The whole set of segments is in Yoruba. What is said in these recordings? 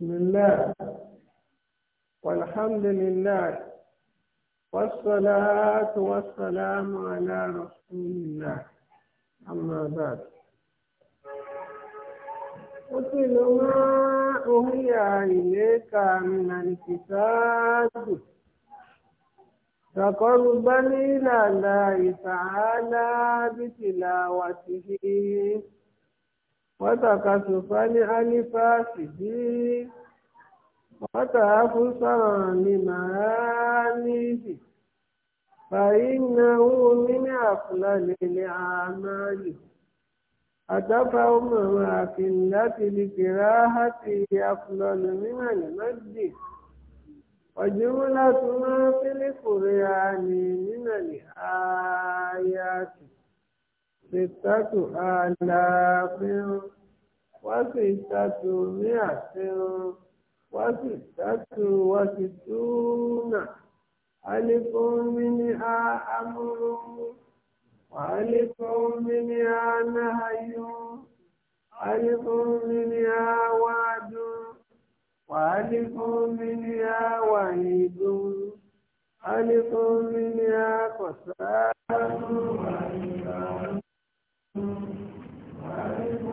بسم الله والحمد لله والصلاة والسلام على رسول الله أما بعد أتل ما أهي إليك من الكتاب تقربا إلى الله تعالى بتلاوته wọ́tàkà sùfà ní alifásì bí wọ́tà fúsàn ní màánìbì fàyínàwó nínú àfúlà lèlè àmàlì àtàfà ọmọọmọ àfin láti lè kéré àti àfúlà lòmínà ní mẹ́jì ọ̀jọ̀wọ́ máa fílẹ̀ kórè àní nínà ní àyàtì sitatu alaafin wasi tatu miafin wasi tatu wasi tuuna alifun mini a amuru wa alifun mini a nahayu alifun mini a waadu wa alifun mini a wahidu alifun mini a kọsaadu. Gracias. Mm.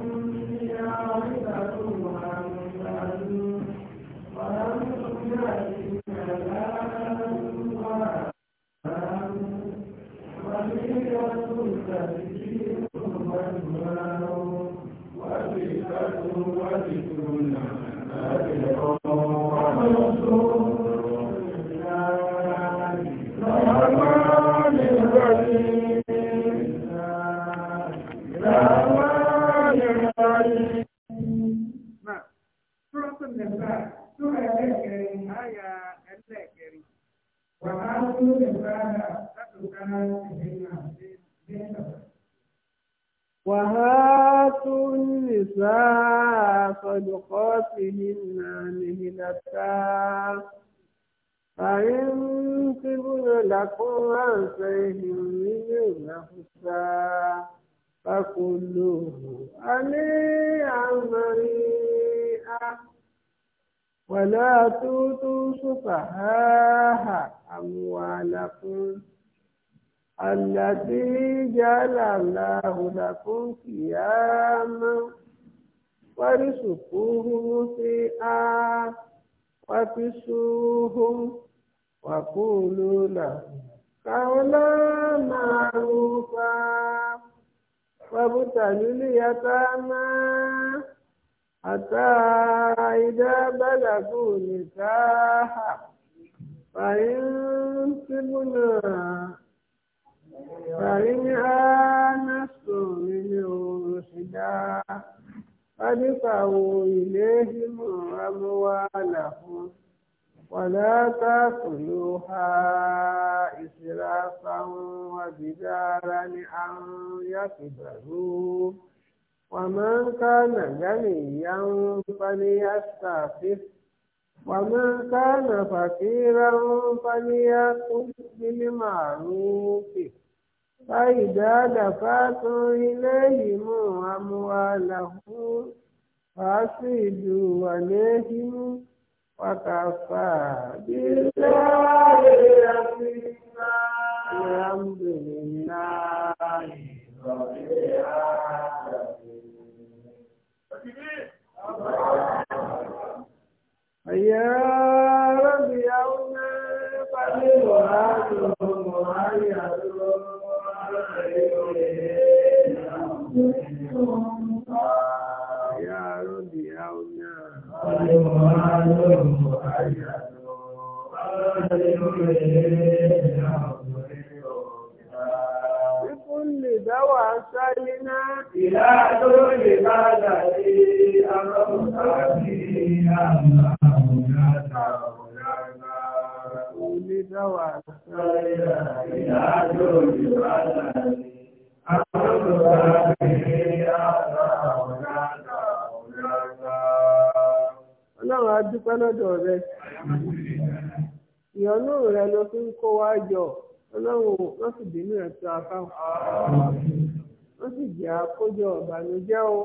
وهاتوا النساء صدقاتهن مهلة فإن تبن لكم عن شيء من نفسا فكلوه عليا مريئا wàlẹ́ àtúntò sùpà háàhà àwọn àlàkùn àlàtí jàlá làhùlàkùn kìyàmá wàrísùkúrú sí á wàfíṣúhùn wàkúlù làhùn kàwọlá màrúfà wàbùtàlú lìyàtà máa. حتى إذا بلغوا نكاحا فإن تبنا فإن آنستم منهم رشدا فادفعوا إليهم أموالهم ولا تأكلوها إسرافا وبدارا أن يكبروا ومن كان غنيا فليستعفف ومن كان فقيرا فليأكل بالمعروف فإذا دفعتم إليهم أموالهم فأسجدوا عليهم وكفى بالله حسيبا الحمد لله رب العالمين يا رب يوم قدير وعدل وعيد يا رب يوم قدير وعدل وعيد ìdáwà sáyé náà. Ìlà tó lè bá dàdé àwọn ọ̀sáàbí àwọn Onídáwà sáyé náà. Ìlà tó lè bá dàdé àwọn ọ̀sáàbí àwọn Ọlọ́run a dúpẹ́ lọ́dọ̀ rẹ. Ìyọ́nú rẹ ló fi ń kó wá jọ. ọlọ́run wọ́n sì bínú ẹ̀tọ́ afáwọn wọ́n sì jẹ́ àkójọ ọ̀bànújẹ́ o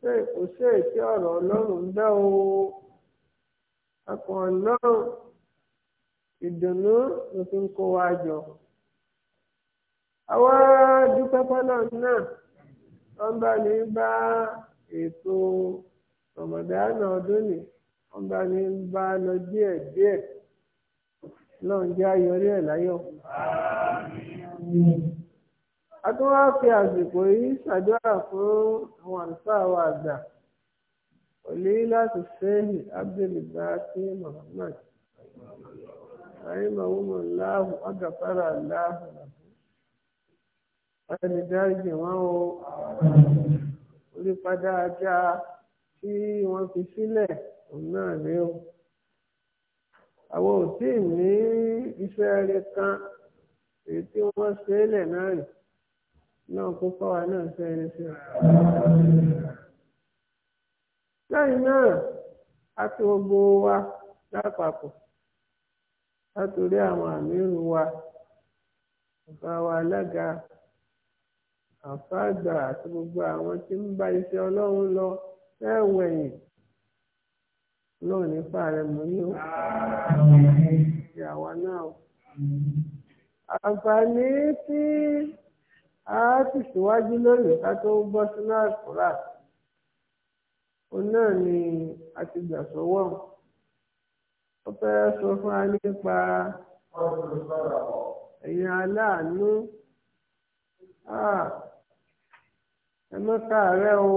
ṣé kò ṣe èsì ọ̀rọ̀ ọlọ́run ń bẹ́ o akọ̀ náà ìdùnnú ló fi ń kó wa jọ. àwa dúpẹ́ lọ́n jẹ́ ayọrí ẹ̀ láyọ̀. a tún wá fi àsìkò yìí ṣàdúrà fún àwọn àlùfáà wa àgbà òní láti sẹ́yìn abdulbaki muhammad àyìnbá wọn láàhùn agàfàrà láàhùn ẹni dáríjì wọn o orí padà ajá tí wọ́n fi sílẹ̀ òun náà rí o àwọn ò tí ì ní iṣẹ́ rẹ kan èyí tí wọ́n ṣe é lẹ̀ náà rè náà kó fáwa náà ṣe é ṣe. lẹ́yìn náà a ti gbogbo wa lápapọ̀ látòrí àwọn àmírù wa ọba wa alága àfáàgbà àti gbogbo àwọn tí ń bá iṣẹ́ ọlọ́run lọ fẹ́ẹ́ wẹ̀yìn lóò nípa rẹ̀ mọ́ ní ó ti àwa náà àǹfààní tí a ti síwájú lónìí ká tó bọ́ sínú àkùrà òun náà ni a ti gbà sọ́wọ́ ó fẹ́ sọ fún wa nípa ẹ̀yin aláàánú ah, ẹ mọ́ káàárẹ̀ o.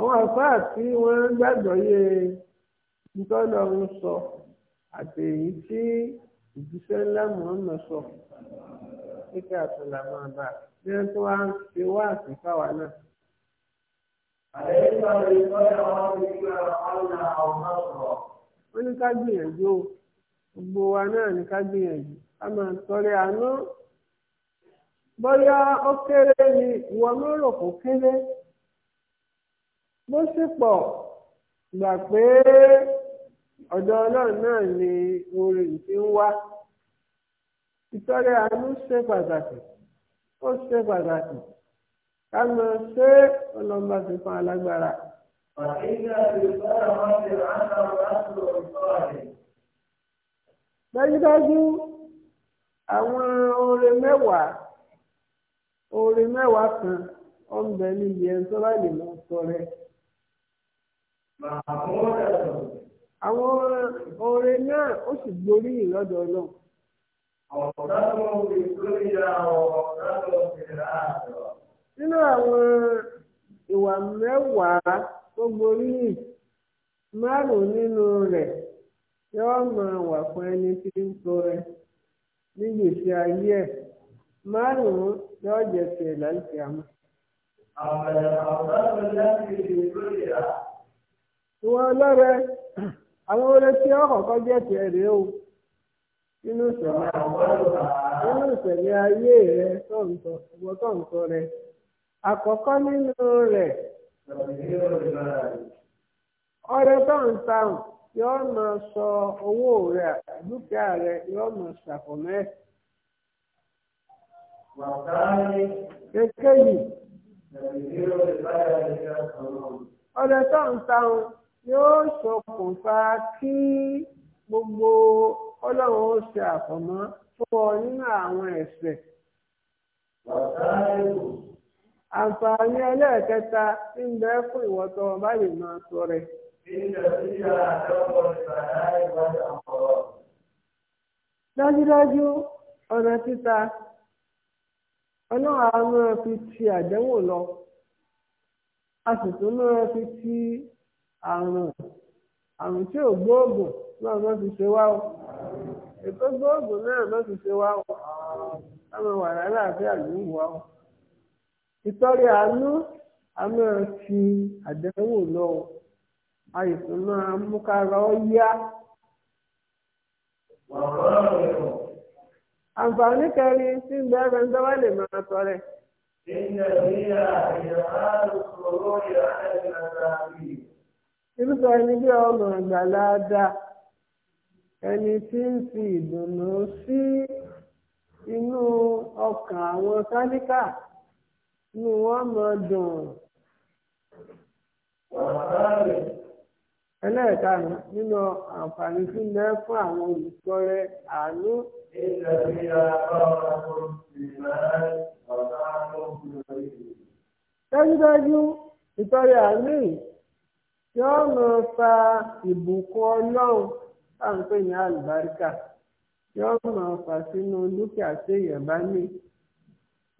àwọn àfáà tí wọ́n gbàgbọ́ yé ntọ́lọ́ ń sọ àti èyí tí ìjíṣẹ́ ńlá mọ̀ọ́mọ̀ sọ kíkẹ́ àtúnlá máa bá bí wọ́n tún wá ń ṣe wá àtúnfà wa náà. wọ́n ní ká gbìyànjú o gbogbo wa náà ní ká gbìyànjú ká máa tọrẹ àánú bóyá ó kéré ni ìwọ mọ́rò kò kéré bó sì pọ̀ gbà pé ọ̀dọ̀ ọlọ́run náà ni oore ti ń wá ìtọ́rẹ àánú ṣe pàtàkì ó ṣe pàtàkì ká mọ ṣé ọlọ́mọ ti fún alágbára. dájúdájú àwọn oore mẹ́wàá oore mẹ́wàá kan ó ń tó bá lè mọ sọ rẹ. àwọn oore náà ó sì gborí ìlọ́dọ̀ náà. Nínú àwọn ìwà mẹ́wàá tó gborí márùn-ún nínú rẹ̀ yóò máa wà fún ẹni tí ń ní gbèsè ayé ẹ̀, márùn-ún jẹ́ láti àmọ́. Àwọn ọ̀dọ́ tó sí ìwọ ọlọ́rẹ àwọn oore tí ó kọ̀ọ̀kan jẹ́ tiẹ̀ rèé o nínú ayé rẹ ìwọ rẹ nínú ọrẹ yóò sọ owó rẹ dúkìá rẹ yóò kékeré yìí tó ń yóò ṣokùnfà kí gbogbo ọlọ́run ó ṣe àfọ̀mọ́ fún ọ nínú àwọn ẹ̀ṣẹ̀. àǹfààní ẹlẹ́ẹ̀kẹta ń bẹ fún ìwọ tó o máa sọ rẹ̀. dájúdájú ọ̀nà títa ọlọ́run àwọn ọmọ fi ti àdéhùn lọ a sì tún máa àrùn àrùn tí ò gbóògùn náà má fi ṣe wá o ètò gbóògùn náà má fi ṣe wá o táwọn wà láàfin àlùmí wá o ìtọ́rí àánú a máa fi àdánwò lọ o àìsàn máa mú kára ọ yá. àǹfààní kẹrin tí ń bẹ́ẹ̀ fẹ́ ń dáwọ́ lè máa tọrẹ. irúfẹ́ ẹni bí ọmọ ìgbàláàdá ẹni tí ń fi ìdùnnú sí inú ọkàn àwọn sáníkà inú wọn mọ dùn. ẹlẹ́ẹ̀karùn-ún nínú àǹfààní tí ń lẹ́ fún àwọn olùkọ́ rẹ̀ àánú. dájúdájú ìtọ́rẹ àánú yìí. yóò máa fa ìbùkún ọlọ́run tá ń pè ní àlùbáríkà yóò máa fà sínú dúkìá tí èèyàn bá ní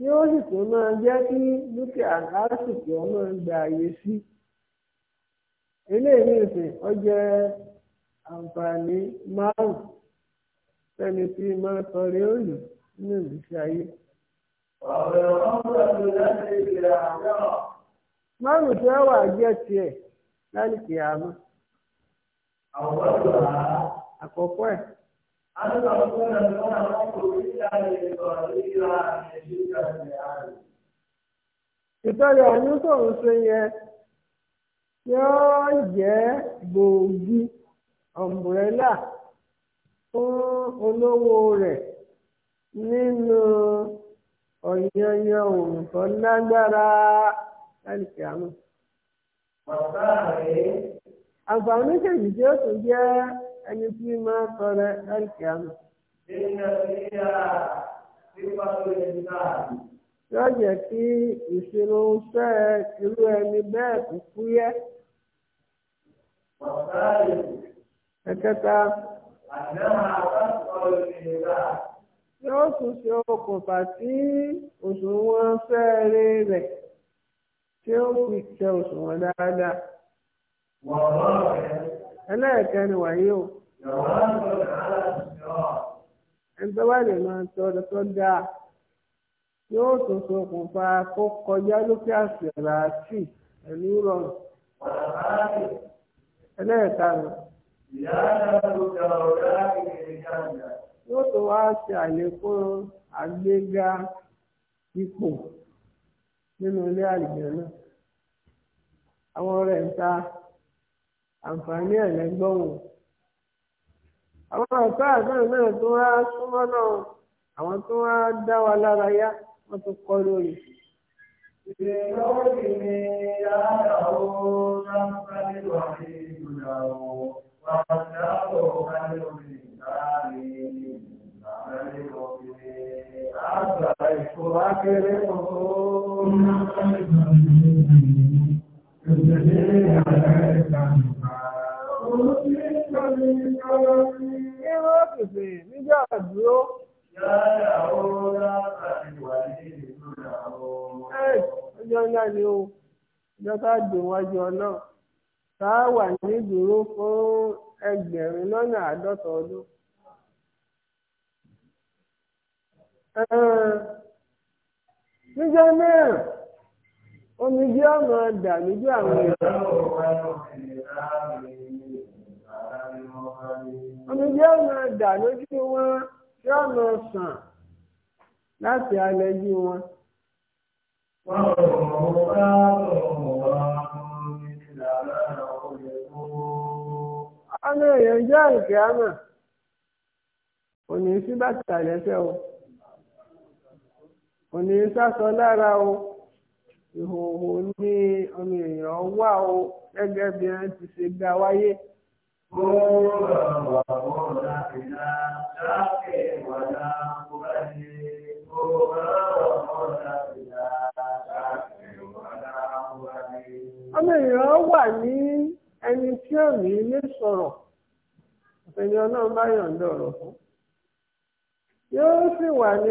yóò sì tún máa jẹ́ kí dúkìá lásìkò máa gba àyè sí eléyìí nìsín ọ jẹ́ àǹfààní márùn-ún sẹ́ni tí máa nínú ìgbésí ayé. ọ̀rọ̀ láìkì àmọ́. àkọ́kọ́ ẹ̀. ìtọ́jú ọ̀hún tóun ṣe yẹ yóò jẹ́ gbòógì ọ̀mbrẹ́là fún olówó rẹ̀ nínú ọ̀yanyan òun lágbára láìkì àmọ́. àǹfààní méjèèjì tí ó tún jẹ́ ẹni tí máa tọrẹ láìpẹ́ àmọ́. yóò jẹ́ kí ìṣirò iṣẹ́ irú ẹni bẹ́ẹ̀ kú fúyẹ́. ẹ̀kẹta. yóò tún ṣe okùnfà sí òṣùwọ̀n fẹ́ẹ́rẹ́ rẹ̀ tí ó fi tẹ òṣùwọ̀n dáadáa. ẹlẹ́ẹ̀kẹ́ ni wàyí o. ẹgbẹ́ wa lè máa tọrọ tó dáa yóò tún ṣokùnfà kó kọjá lókè àṣìrà àti ẹ̀lú rọrùn. ẹlẹ́ẹ̀karùn-ún. yóò tún wá ṣe àlékún àgbéga ipò nínú ilé àlùjọ náà àwọn ọ̀rẹ́ ń ta àǹfààní ẹ̀lẹ́gbọ́n àwọn ọ̀tá àdáhùn náà tó wá súnmọ́ náà àwọn tó wá dá wa lára yá wọ́n tó kọ́ lórí. ìrẹ̀lọ́wọ́ ni أبعثكم تجري عليك Nígbà dúró, ọjọ́ ńlá ni ó, ọjọ́ ká dùn wájú ọ̀nà, ká wà ní dúró fún ẹgbẹ̀rún lọ́nà àádọ́ta ọdún. níjọ́ náà omi jẹ́ ọ̀nà ọ̀dà lójú àwọn èèyàn. omi jẹ́ ọ̀nà ọ̀dà lójú wọn tí ọ̀nà sàn láti alẹ́jú wọn. wọ́n ò mọ̀ bá ọ̀rọ̀ wọn ní ìlànà àwọn ọ̀rẹ́ ọmọ èèyàn jẹ́ àìkè àmà kò ní sí bàtà lẹ́sẹ̀ o. òní sásọ lára o ìhòòhò ní ọmọ èèyàn wà o gẹ́gẹ́ bí wọ́n ti ṣe gba wáyé. ọmọ èèyàn wà ní ẹni tí ò sọ̀rọ̀ ọ̀fẹ́ni ọlọ́run bá fún yóò sì wà ní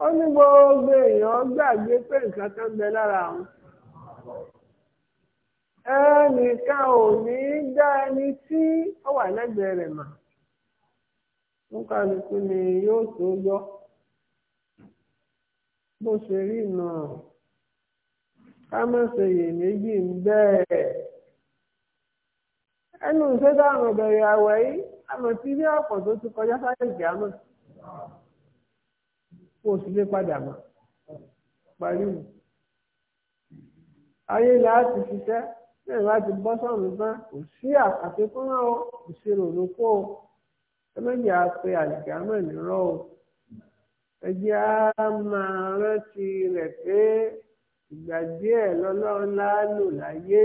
ó ní gbogbo èèyàn gbàgbé pé nǹkan kan bẹ lára àwọn ẹnìkan ò ní dá ẹni tí ó wà lẹ́gbẹ̀ẹ́ rẹ̀ mà nǹkanìkú ni yóò tó yọ bó ṣe rí náà ká má ṣe iyèméjì ń bẹ́ẹ̀ ẹnu àwọn yìí àmọ̀ kọjá kó o sì lè padà mọ́ parí mu. ayé láti ṣiṣẹ́ bẹ́ẹ̀ bá ti bọ́ sọ́run tán kò sí àfikún náà o kò sí ròrò kó o ẹ méjì á pe àlìkámọ̀ nírọ̀ o ẹ jẹ́ á máa rántí rẹ̀ pé ìgbà díẹ̀ lọ́lọ́run láálò láyé.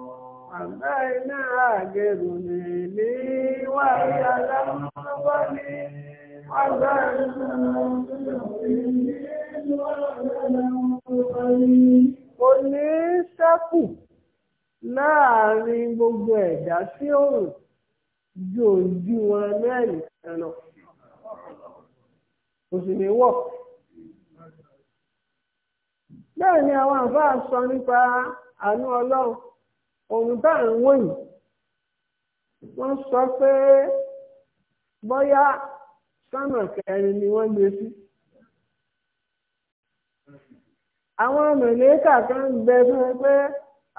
Àgbà iná àgẹ̀rù ní ilé wà ní aláwọ̀ ní àgbà iná Kò ní sẹ́kù láàrin gbogbo ẹ̀dá sí òòrùn ju ojú wọn mẹ́rin ẹ̀nà. Kò sì ní wọ̀. Bẹ́ẹ̀ ni àwọn àbá sọ nípa àánú Ọlọ́run. ohun tá à ń wò wọ́n sọ pé bóyá sánà ni wọ́n gbé sí. àwọn mẹ̀lẹ́kà kan ń fún ẹ pé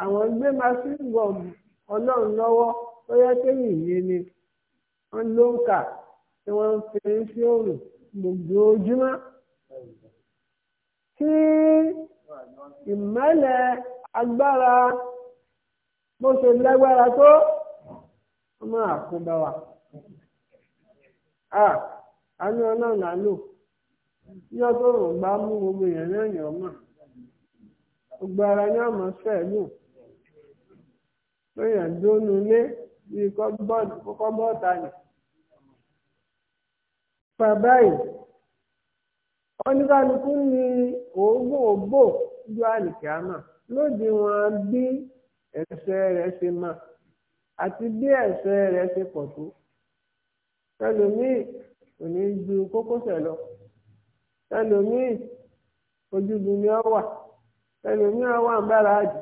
àwọn gbé masínì bọ̀ọ̀mù ọlọ́run lọ́wọ́ bóyá ni wọ́n ló ń kà tí wọ́n ń fi sí gbogbo ojúmọ́ kí ìmọ́lẹ̀ agbára bó ṣe lágbára tó ọmọ máa wa. àánú ah, ọlọ́run lálò yíyọ tó rò gbá mú gbogbo èèyàn gbogbo ara ní àmọ́ sẹ́ẹ̀lù lóyàn dónú lé bíi kọ́kọ́ bọ́ọ̀tà ni òógùn ẹ̀ṣẹ̀ rẹ̀ ṣe máa àti bí ẹ̀ṣẹ̀ rẹ̀ ṣe pọ̀ tó ẹlòmíì kò ní ju kókósẹ̀ lọ ẹlòmíì ojúgun ni ọ wà ẹlòmíì ọ wà ń bára àjù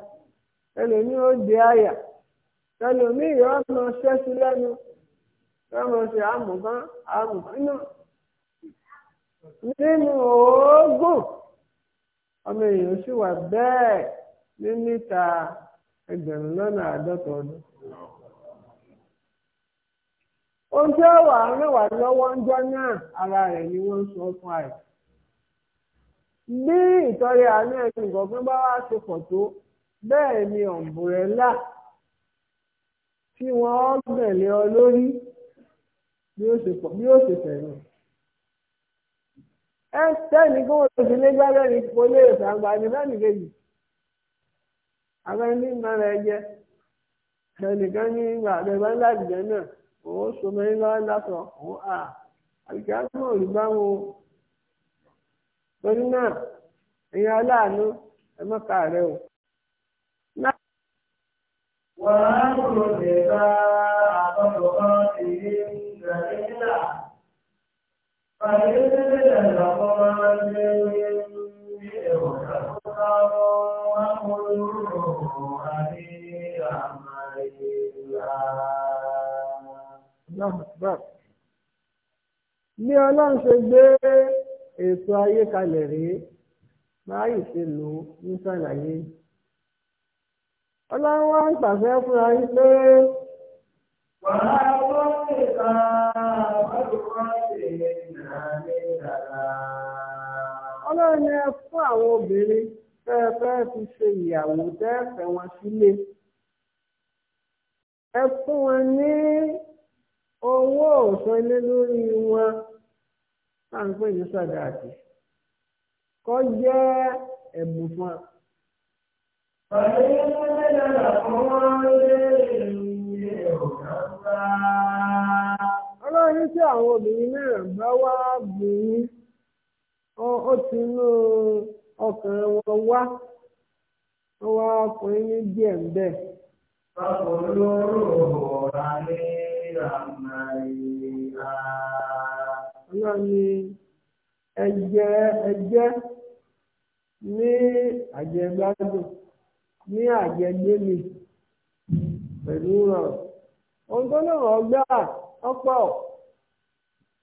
ẹlòmíì ó dé àyà ẹlòmíì yọ ọmọ ṣẹ́sí lẹ́nu ọmọ ṣe àmùkán àmùkán nínú òógùn ọmọ èèyàn sì wà bẹ́ẹ̀ ní níta. ẹgbẹ̀rún lọ́nà àádọ́ta ọdún. Ohun tí wà rẹwà lọ́wọ́ ń jọ náà ara rẹ̀ ni wọ́n ń sọ fún àì. Bí ìtọ́rẹ àánú ẹ̀sìn kọ̀ọ̀kan bá wá ṣe pọ̀ tó, bẹ́ẹ̀ ni ọ̀m̀bùrẹ́là tí wọ́n gbẹ̀lẹ̀ ọ lórí bí ó ṣe fẹ̀yìn. Ẹ tẹ́ni ní kò lè ṣàǹgbà ní àwọn ẹni eje ẹ jẹ́ ẹnìkan ní ìgbà àbẹ̀bá láìjẹ́ náà òun sọmọ yín lọ́wọ́ lásọ òun à àbíkẹ́ àtúmọ̀ olùgbà wọn torí náà ndị aláàánú ka rẹ o. bá Ní ọlọ́run ṣe gbé ètò ayé kalẹ̀ rèé, máa yìí ṣe lò ní ṣàlàyé. Ọlọ́run wá ń pàṣẹ fúnra yín pé. Wàhálà ló ọdún wá ìdàgbà. Ọlọ́run ni ẹ fún àwọn tẹ́ ẹ fẹ́ fi ṣe ìyàwó tẹ́ wọn sílé ẹ fún wọn ní owó òsanlé lórí wọn tá à sàdáàtì kọ́ jẹ́ ẹ̀bùn fún wa. Pàdé ẹgbẹ́ dára fún wọn lórí ìyẹn ọ̀gá ńlá. Ọlọ́run tí àwọn obìnrin náà bá wá bùn ó tinú ọkàn wọn wá wọn wá ọkùnrin ní díẹ̀ ń bẹ̀. Ọlọ́run ni ẹ̀jẹ̀ ẹ̀jẹ̀ ní àjẹgbádùn ní àjẹgbémi pẹ̀lú ràn. Ohun tó lè ràn gbà ọ̀pọ̀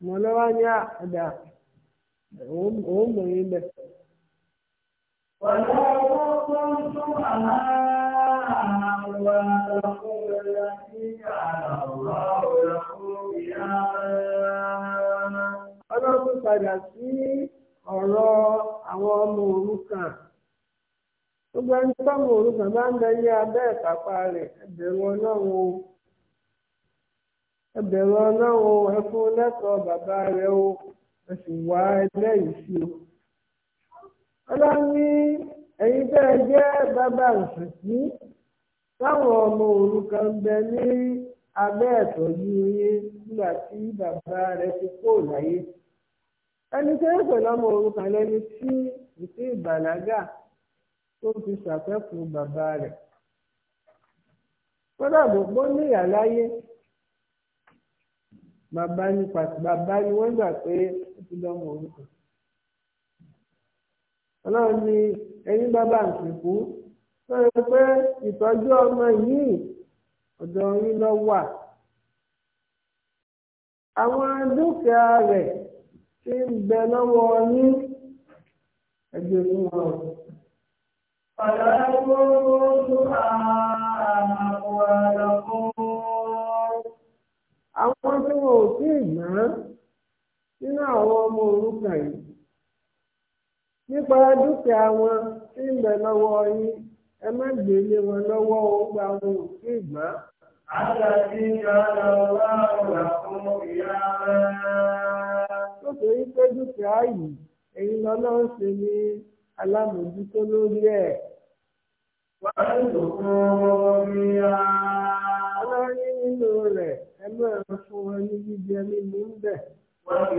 mọ̀lẹ́wá ní àdá òun mọ̀ yín bẹ̀. ولا تكن شهداء ولا تقول التي على padà sí ọ̀rọ̀ àwọn ọmọ òrukàn. Gbogbo ẹni tọ́mọ bá ń bẹ abẹ́ rẹ̀ Ọlọ́run bàbá rẹ̀ ọlọ́ni ẹ̀yin tẹ́ ẹ jẹ́ bàbá òṣìṣì táwọn ọmọ òrukàn ń bẹ ní abẹ́ ẹ̀tọ́jú yín nígbà tí bàbá rẹ̀ ti kó láyé ẹni tẹ́ ẹ pẹ̀lú ọmọ òrukàn lẹ́ni tí ìpín ìbàlágà tó fi ṣàfẹ́kù bàbá rẹ̀ kódà bó gbó níyà bàbá ni wọ́n gbà pé ó ti lọ́mọ òrukàn. ọlọ́run ni ẹ̀yin bàbá àsìkú lọ́rọ̀ pé ìtọ́jú ọmọ yìí ọ̀dọ̀ yín lọ wà. àwọn dúkìá rẹ̀ ti ń bẹ lọ́wọ́ yín ẹgbẹ́ fún wọn. Ọ̀dọ̀ Àwọn tí wọn ò tí ì nínú ọmọ yìí. nípa dúkìá wọn tí ń bẹ lọ́wọ́ yín ẹ má wọn lọ́wọ́ ó gba wọn ò sí ìgbà. ọla ìjọba wà wà fún ìyá rẹ̀. tó ṣe pé dúkìá yìí lọ́lọ́ ń ṣe ní alámòjútó lórí ẹ̀. wọ́n lò fún nínú rẹ̀ ẹ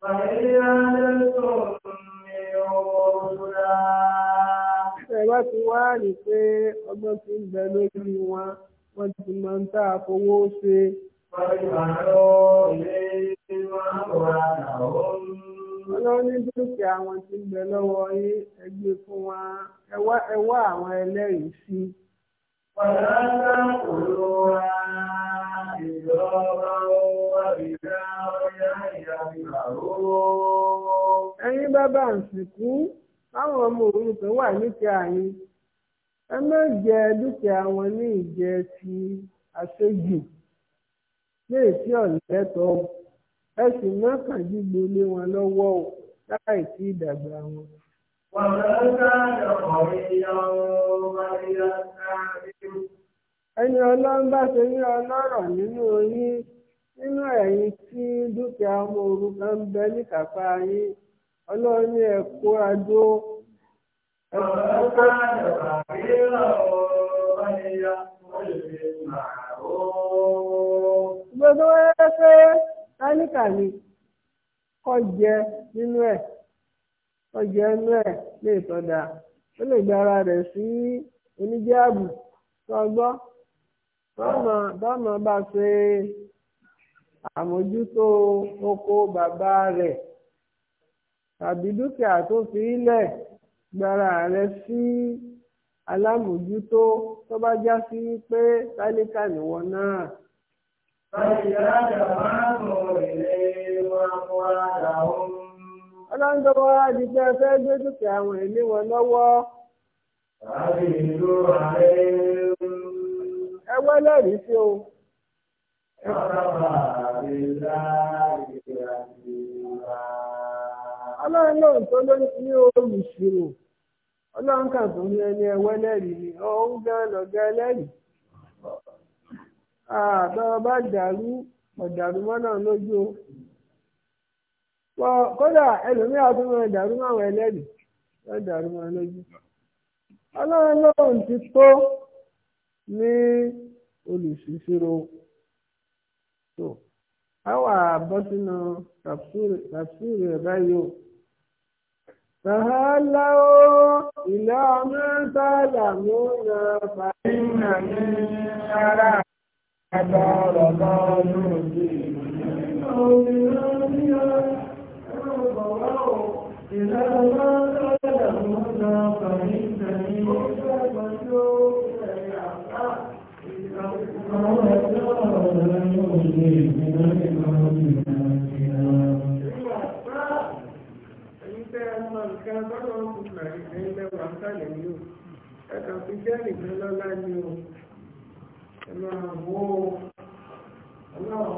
Ẹ bá ti wá rí pé ọgbọ́n ti ń bẹ lórí wọn, wọ́n ti mọ ń tà fowó ṣe. Ọlọ́run ní dúkìá wọn ti ń bẹ lọ́wọ́ yín, ẹ gbé fún wa, ẹ wá àwọn ẹlẹ́rìí sí i. فلا تأكلوها إدرارا وبدارا يجهرون ẹ̀yin bàbá àsìkú táwọn ọmọ òrukàn wà níta yín ẹ má jẹ dúkìá wọn ní ìjẹ ti àṣejù léè tí ọ̀lẹ́tọ̀ ẹ sì má kàn jígbe lé wọn lọ́wọ́ láì sí ìdàgbà wọn. Ẹni ọlọ́run bá ṣe ní ọlọ́rọ̀ nínú yín nínú ẹ̀yin tí dúkìá ọmọ òrukàn ń bẹ níkàpá yín ọlọ́run ní ẹ̀kọ́ adó. Gbogbo ẹ pé táníkà ni kọ́ jẹ nínú ẹ̀. ọjà ẹnu ẹ̀ lè sọ̀dà ó lè gba ara rẹ̀ sí oníjààbù sọgbọ́ tọ́mọ bá ṣe àmójútó oko bàbá rẹ̀ tàbí dúkìá tó fi ilẹ̀ gbára rẹ̀ sí alámòjútó tó bá já sí pé tálíkà nìwọ náà. Báyìí, alájà máa ń mọ ìlé wọn fún ara òun. ọlọ́run tó wá di fẹ́ gbé dúkìá àwọn èlé wọn lọ́wọ́. ẹ wá lẹ́rìí sí o. ọlọ́run lóun tó ló ní olùṣirò ọlọ́run tó ní ẹni ẹwẹ́ lẹ́rìí ni òun gan lọ́gá ẹlẹ́rìí. bá dàrú ọ̀dàrú mọ́nà lójú o. pọ̀ kódà ẹlòmíà tó máa dàrú mọ́ àwọn ẹlẹ́rìí wọ́n dàrú mọ́ lójú. ọlọ́run lóun ti tó ní olùṣèṣirò tó àwọn àbọ̀sínú tàfsírì ẹ̀bá yìí o. فهلوا إلى ما تعلمون فإن من شرع دار ما نؤتي Ọlọ́run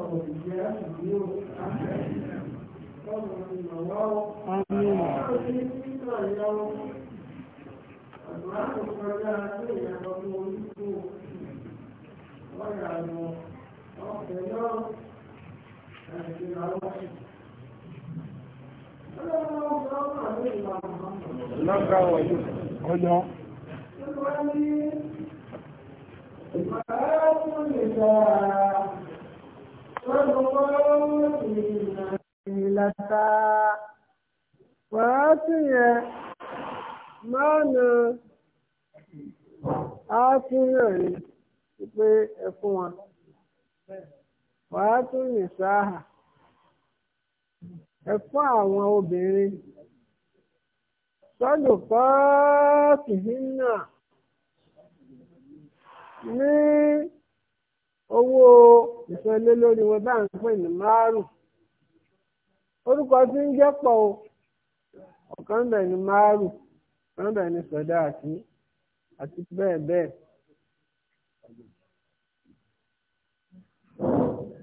kò jẹ́ ìlú àṣẹ ìlú. Ọjọ́. Ìgbàlá fún ìgbà, ṣọ́gbọ́n lásà wàá sì yẹn mọ́ọ̀nù á tún yàn ní pé ẹ fún wọn wàá tún yìn sáà ẹ fún àwọn obìnrin sọ́dọ̀ pọ́ọ̀kì hínà ní owó ìsanlélórí wọn bá ń pè ní márùn-ún. orúkọ tí ń jẹ́ pọ̀ o ọ̀kan bẹ̀ ni máàrù ọ̀kan bẹ̀ ni sọ̀dá àti àti bẹ́ẹ̀ bẹ́ẹ̀.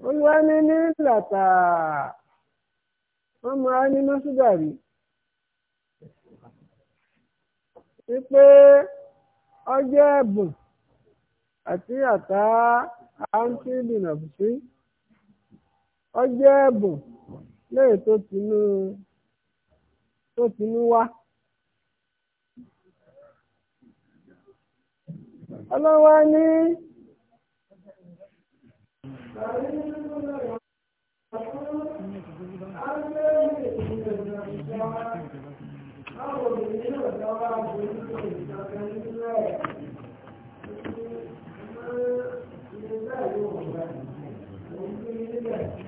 olúwa ní ní làtà wọ́n máa ní mọ́súdàrí wípé ọjọ́ ẹ̀bùn àti àtà àǹtí ìdìnnà sí ọjọ́ ẹ̀bùn. lẹ́yìn tó tinú tó tinú wá. ọlọ́wọ́ ní. Thank you.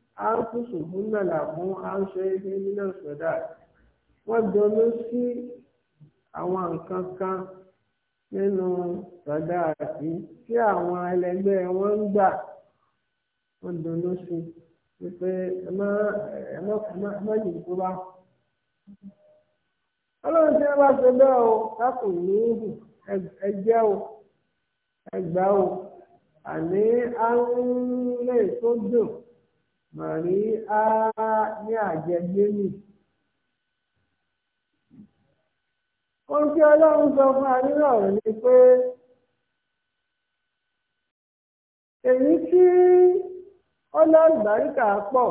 áńkùsù húnnàlà fún áńṣẹ́ ilé nílẹ̀ sọ̀dá wọ́n jọlọ sí àwọn nǹkan kan nínú sọ̀dá àti tí àwọn ẹlẹgbẹ́ wọn ń gbà wọ́n jọlọ sí wípé ẹ má ẹ má yìí tó bá. ọlọ́run tí wọ́n bá ṣe bẹ́ẹ̀ o kákò ní ìhù ẹjẹ́ o ẹgbàá o àní àrùn lè tó dùn. màrí á ní àjẹgbémì. ohun tí ọlọ́run sọ fún àríwá ọ̀rọ̀ ni pé èyí tí ọlọ́ọ̀gbáríkà pọ̀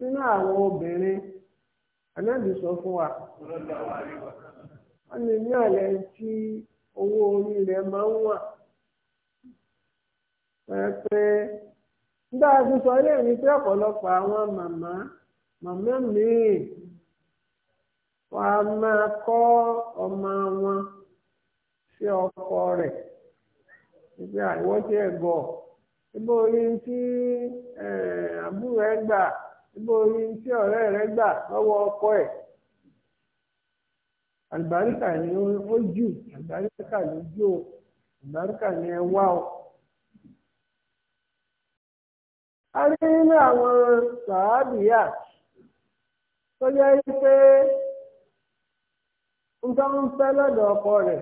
nínú àwọn obìnrin ànábì sọ fún wa wọ́n ní ní ọ̀lẹ́ tí owó orí rẹ̀ máa ń wà pẹ́ẹ́pẹ́ẹ́. ndị tó sọ ilé mi pé ọ̀pọ̀lọpọ̀ àwọn mama màmá míì wọn a máa kọ́ ọmọ wọn ọkọ rẹ̀ ìgbà ìwọ́ ti ẹgọ gọ̀ orí tí àbúrò ẹ gbà ibo orí tí ọ̀rẹ́ rẹ gbà lọ́wọ́ ọkọ ẹ̀ àlùbáríkà ni ó jù àlùbáríkà ló jù àlùbáríkà ni a rí nínú àwọn sàábìyà tó yẹ pé nǹkan ń fẹ́ lọ́dọ̀ ọkọ rẹ̀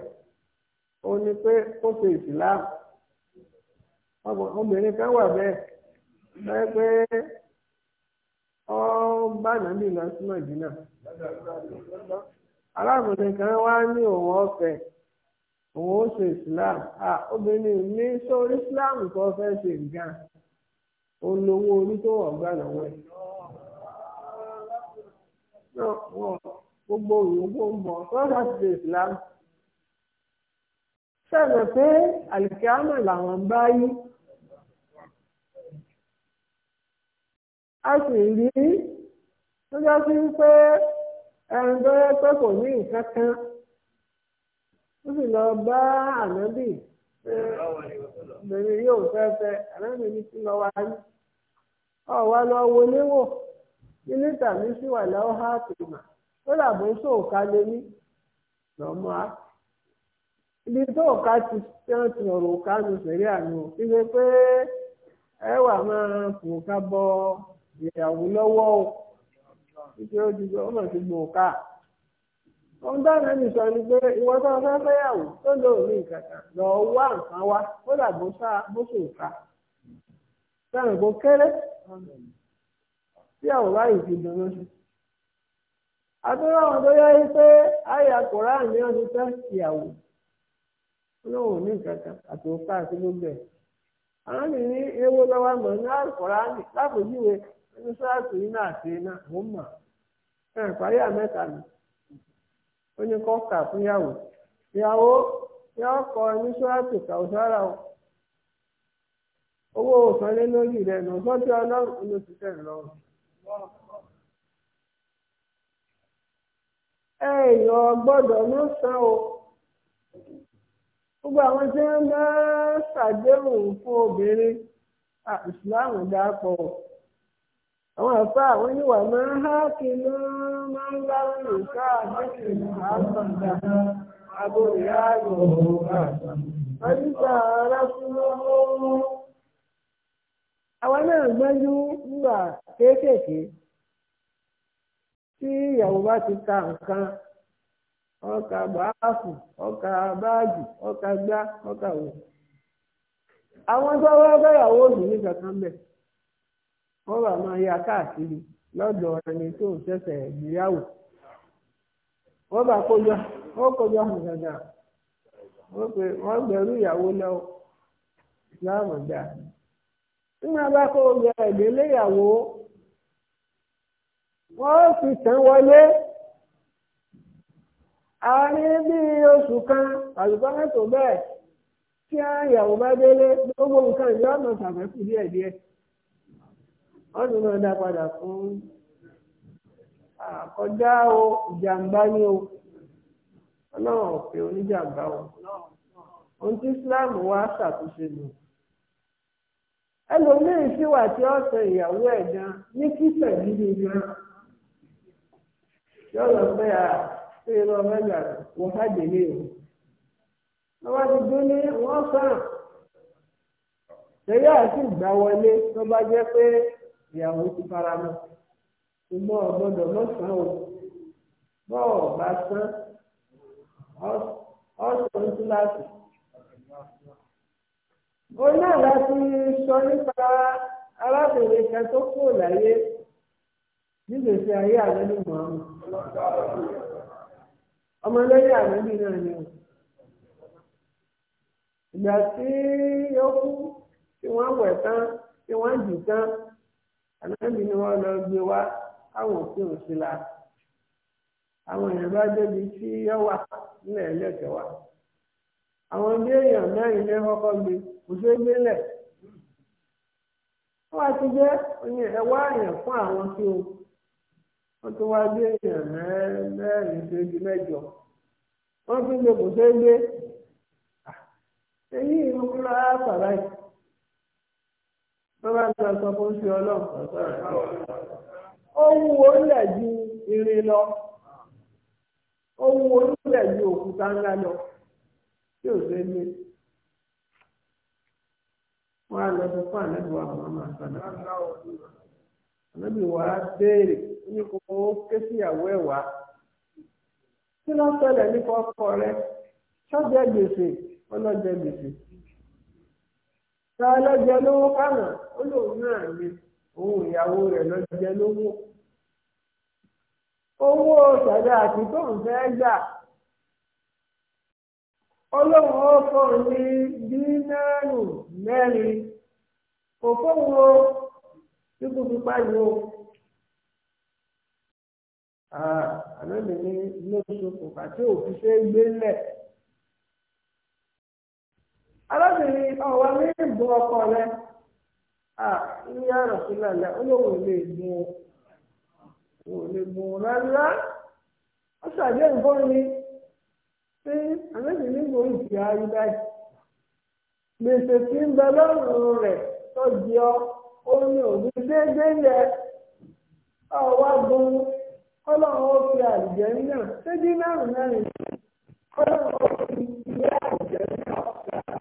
ó ní pé kó ṣe ìsìláàmù obìnrin kan wà bẹ́ẹ̀ bẹ́ẹ̀ pé ọ bá nàbì lọ sí màjínà arábìnrin kan wá ní òun ọ̀fẹ́ òun ó ṣe ìsìláàmù obìnrin fẹ́ ó lówó orí tó wọ̀ gbà lọ́wọ́ ẹ̀. gbogbo òyìnbó ń bọ̀ sọ́dọ̀ ti di Islam. sẹ́nu pé àlìkíámà làwọn ń bá yí. a sì rí tó jẹ́ sí pé ẹni tó yẹ pé kò ní nǹkan kan ó sì lọ bá ànábì obìnrin yóò fẹ́ fẹ́ aláàbẹ̀ mi lọ wá lọ wo níwò ilé tàbí sí wà láwọ́ ha tìmà ó làbó sóòka lé ní ibi sóòka ti tán ti ọ̀rọ̀ òka nu sẹ̀rí àná ìgbé pé ẹ wà bọ ìyàwó lọ́wọ́ o ọmọ ti ohun táwọn ẹni sọ ni pé ìwọ tó ń fẹ́ fẹ́yàwó tó lò ní ìkàkà lọ wá nǹkan wá ó dà bó ṣe ìka táwọn ìbò kéré tí àwọn báyìí fi dùn lóṣù. àtúrò àwọn tó yẹ pé àyà koran ní ọdún tẹ́ ìyàwó olóhùn ní ìkàkà àti òkà àti gbogbo ẹ̀. àwọn mi ní ewu lọ́wọ́ mọ̀ ní ẹni sọ́ọ̀tù yìí náà mọ̀ ẹ̀ àmẹ́ta ó ní kọ́ kà fúnyàwó ìyàwó ya kọ ní ṣọ́ọ̀tì kàwùsára o owó òsanlé lórí rẹ̀ nù sọ́tì ọlọ́run ló ti tẹ̀ lọ́rùn. èèyàn gbọ́dọ̀ ló o ụgbọ àwọn tí wọ́n bá ṣàdéhùn àwọn àfa àwọn yìí wà máa há kí ló máa ń lárùn nǹka àbẹ́kì àbàdà àbò ìyá àgbò báàfù ọka ọka gbá ọka wò. àwọn tó bẹ́yàwó ní wọ́n wà máa ya káàkiri lọ́dọ̀ ẹni tó ń ṣẹ̀ṣẹ̀ ìgbéyàwó wọ́n bá kójọ wọ́n kójọ hàn gàgà wọ́n pe wọ́n gbẹ̀rú ìyàwó lọ́wọ́ láàmú gbà nígbà bá kó gbẹ wọ́n fi wọlé àárín bíi oṣù kan àlùkò mẹ́tò bẹ́ẹ̀ yàwó bá délé gbogbo nǹkan ìyá ọ̀nà díẹ̀díẹ̀. wọ́n náà fún àkọjá o ìjàmbá o ọlọ́run ọ̀pẹ oníjàmbá o ohun tí Islam wá ṣàtúnṣe nù ẹlòmíì sì wà tí ó sọ ìyàwó ẹ̀ gan ní kíkẹ̀ gidi gan yóò lọ pé à ṣé irú ọmọ ẹgbà ní sàn sì wọlé tó bá ìyàwó ti fara mọ́ ṣùgbọ́n ọ̀gbọ́dọ̀ mọ́sàn-án o bọ́ọ̀ bá sán ọ̀sán kíláàsì. ó náà láti sọ nípa arábìnrin kan tó kú láyé nígbèsè ayé àlẹ́ ní mọ́ọ́mù ọmọlẹ́yìn àlẹ́bí náà ni o ìgbà tí ó kú tí wọ́n wẹ̀ tán tí wọ́n jù tán. ànábì ni wọ́n lọ gbé wá si òfin òsì la àwọn èèyàn bá débi tí yọ wà nílẹ̀ ẹlẹ́kẹ̀ wa àwọn ilé èèyàn mẹ́rin lé kọ́kọ́ gbé kò wọ́n ti gbé ẹwà èèyàn fún àwọn tí o wọ́n tún wá gbé èèyàn mẹ́rin tó di mẹ́jọ wọ́n tún kò gbé wọ́n bá lọ sọ fún ṣe ọlọ́run ó wúwo ńlẹ̀ ju irin lọ ó wúwo ńlẹ̀ ju òkúta ńlá lọ tí ò ṣe ní wọ́n á lọ sọ fún ànábì wa àwọn ọmọ àtàlà wa béèrè ní ké ẹ̀ wá kí ló ń nípa ọkọ rẹ gbèsè ta lọ́jọ́ lówó kánà ó lòun náà ni òun ìyàwó rẹ̀ lọ́jọ́ lówó. owó sàdá àti tóun fẹ́ gbà ọlọ́run ó fọ́n ní dínárù mẹ́rin kò fóun o fi pariwo. Ah, àná mi arábìnrin ọ̀wá ní ìbú ọkọ rẹ ní àrùn sílẹ̀ lẹ olóhùn lè mú o lè mú ó ṣàdé ni àmẹ́sìn nígbò ìjì gbèsè tí ń bẹ lọ́rùn rẹ̀ tó di ọ ó ní òbí déédéé yẹ ọ̀wá gun ọlọ́run ó fi náà ṣé dín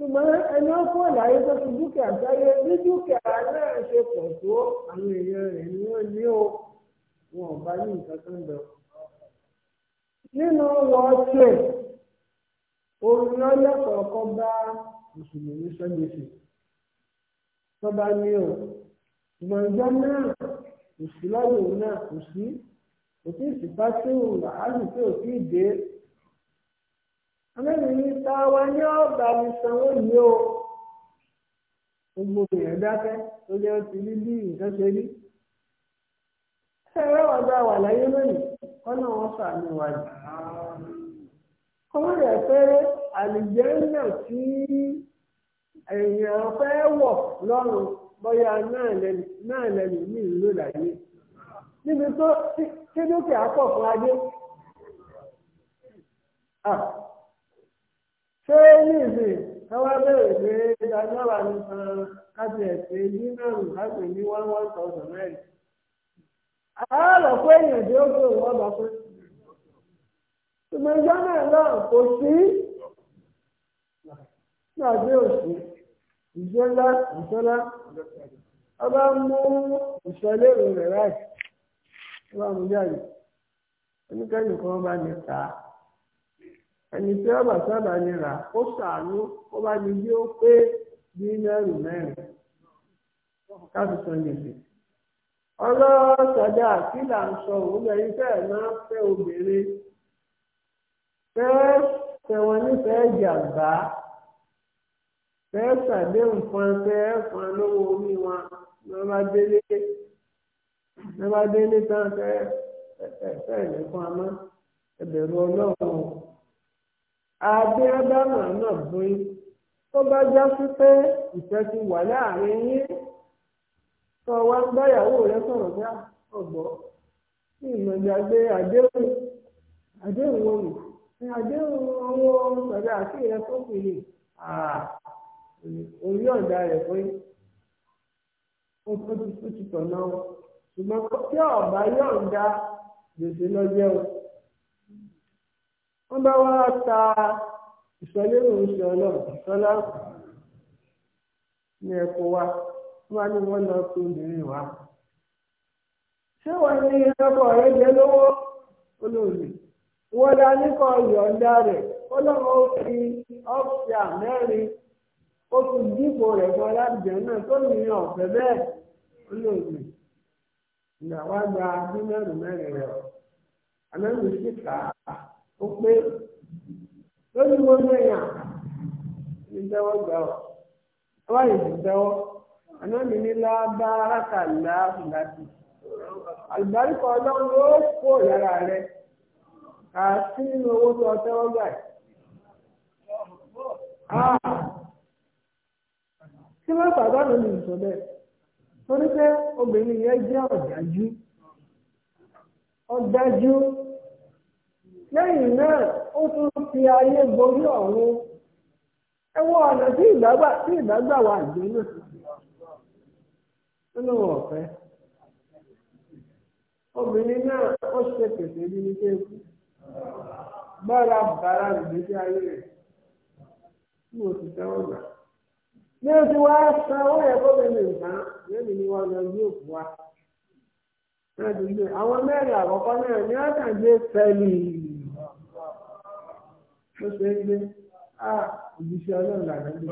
ṣùgbọ́n ẹni ó kó ìlàyé tó fi dúkìá sáyé bí dúkìá náà ṣe pọ̀ tó àwọn èèyàn rẹ̀ ni wọ́n ní o wọn bá ní nǹkan kan lọ. nínú wọn ṣe orin ọlọ́kọ̀ọ́kọ́ bá mùsùlùmí sọ́gbèsè tó bá ní o ṣùgbọ́n ìjọ náà kò sí lọ́dún náà kò sí kò sí ìsìpá tí òun làálù tí ò sí ìdè ọlọ́run ni ta wa ní ọ̀gbà mi sanwó yìí o gbogbo èèyàn dákẹ́ tó jẹ́ ti rí bí nǹkan ṣe wà láyé lónìí kọ́nà wọn sàmì wà jù kọ́mọ̀rẹ̀ pé tí èèyàn fẹ́ wọ̀ lọ́rùn bọ́yá náà lẹ́nu ní ìlú níbi tó kí dúkìá fún adé. Ah, ṣé níbi káwá bẹ̀rẹ̀ pé ìdájọ́wà ní san káti ẹ̀sẹ̀ dínàrù láti ní one one thousand naira. àárọ̀ pé èèyàn tí ó gbé ọba náà náà kò sí nígbà tí ìjọlá ìjọlá ọba mú rẹ̀ láì ọba mú jáde oníkẹ́yìn kan bá ní ta ẹni tí ọba sábà ní rà ó ṣàánú ó bá ní bí ó pé dínárù mẹ́rin káfí san gbèsè. ọlọ́rọ̀ sọ̀dá kí là ń sọ òun lẹ́yìn fẹ́ máa fẹ́ obìnrin fẹ́ tẹ̀wọ̀n nífẹ̀ẹ́ jàǹbá fẹ́ ṣàdéhùn fún fẹ́ fún lówó orí wọn lọ́mọdélé lọ́mọdélé tán fẹ́ fẹ́ lẹ́kọ́ àmọ́ ẹ̀bẹ̀rù ọlọ́run. adé ádámà náà bóyá tó bá já sí pé ìfẹ́ ti wà láàrin yín tó wá báyàwó rẹ sọ̀rọ̀ ah, bí ọ̀gbọ́ ní ìmọ̀gbàgbé àdéhùn àdéhùn wọn ni àdéhùn ọwọ́ bàbá àti ìrẹ tó kù ni ah, rẹ̀ ó ti ṣùgbọ́n ọ̀bá gbèsè o. wọ́n bá wá ta ìsọlérò oṣù ọlọ́run sọlá ní ẹ̀kọ́ wa wọ́n á ní wọ́n lọ tó obìnrin wa. ṣé wọ́n ní ọkọ rẹ̀ jẹ́ lówó olóòlù wọ́n dá nípa ìyọ̀ǹda rẹ̀ ọlọ́run ó fi ọ́fíà mẹ́rin ó fi rẹ̀ náà tó ọ̀fẹ́ bẹ́ẹ̀ olóòlù ìyàwó àgbà bí mẹ́rin mẹ́rin rẹ̀ ó pé lórí gbogbo èèyàn ní dẹ́wọ́ gbà ọ́ ọba yìí dẹ́wọ́ àná mi ní lábá rákàlá ìlàjì àlùbáríkọ ọlọ́run ló kó lára rẹ àti nínú owó tó ọtẹ́wọ́ gbà yìí. Ah. Kí ló bàbá mi lè sọ bẹ́ẹ̀? Torí pé obìnrin yẹn jẹ́ ọ̀dájú. Ọ̀dájú. lẹ́yìn náà ó tún fi ayé borí ọ̀run ẹ wọ ọ̀nà tí ìgbàgbà tí ìgbàgbà wà dé náà nínú ọ̀fẹ́ obìnrin náà ó ṣe pèsè bí ní kéèkú gbára bàrà ìgbésí ayé rẹ̀ tí mo sì tẹ́wọ́ gbà ní o ti wá san owó kó bẹ̀rẹ̀ nǹkan lẹ́yìn ni ló ṣe ń gbé a òjíṣẹ́ ọlọ́run lànà bí.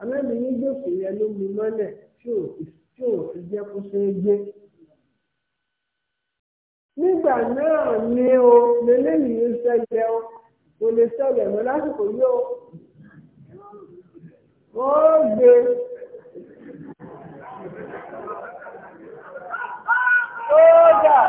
àmẹ́mi ní gbèsè yẹn ló mi mọ́lẹ̀ tí ò fi jẹ́ kó ṣe é gbé. nígbà náà ni o lélẹ́yìí ń ṣẹlẹ̀ o kò lè ṣẹlẹ̀ mọ́ lásìkò yìí o. wọ́n gbé. Oh, God.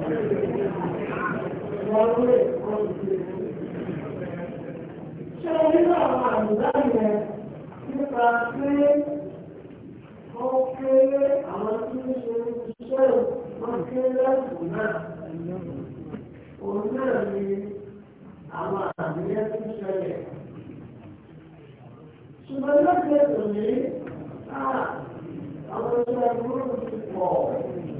lọ́dún lè kọ́ ìdílé. ṣé nínú àwọn àmúdá yẹn nípa pé ó kéré àwọn tí ń ṣe iṣẹ́ wọn kéré lẹ́sùn náà òun náà ni àwọn àmúyẹ́ tí ń ṣẹlẹ̀. ṣùgbọ́n lọ́sẹ̀ tòní ah, àwọn ìṣẹ́ ìgbóhùn ti pọ̀.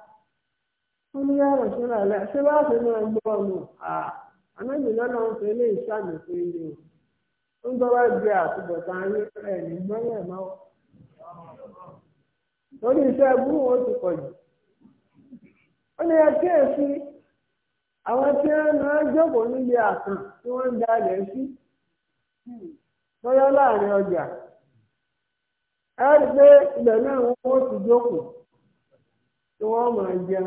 wọ́n ní yàrá ala rẹ̀ ṣé bá ṣe máa gbọ́ ọmọ àmẹ́bí lọ́nà ń fẹ́ lé ìṣàmì pé ilé o ń gbọ́ wá di àtúbọ̀tán ayé ẹ̀ ní gbọ́yẹ̀ máwọ́. lórí iṣẹ́ ẹbú ti pọ̀ jù. ó ní àwọn tí wọ́n máa ń jókòó tí wọ́n ń dalẹ̀ sí láàrin ọjà ẹ rí i pé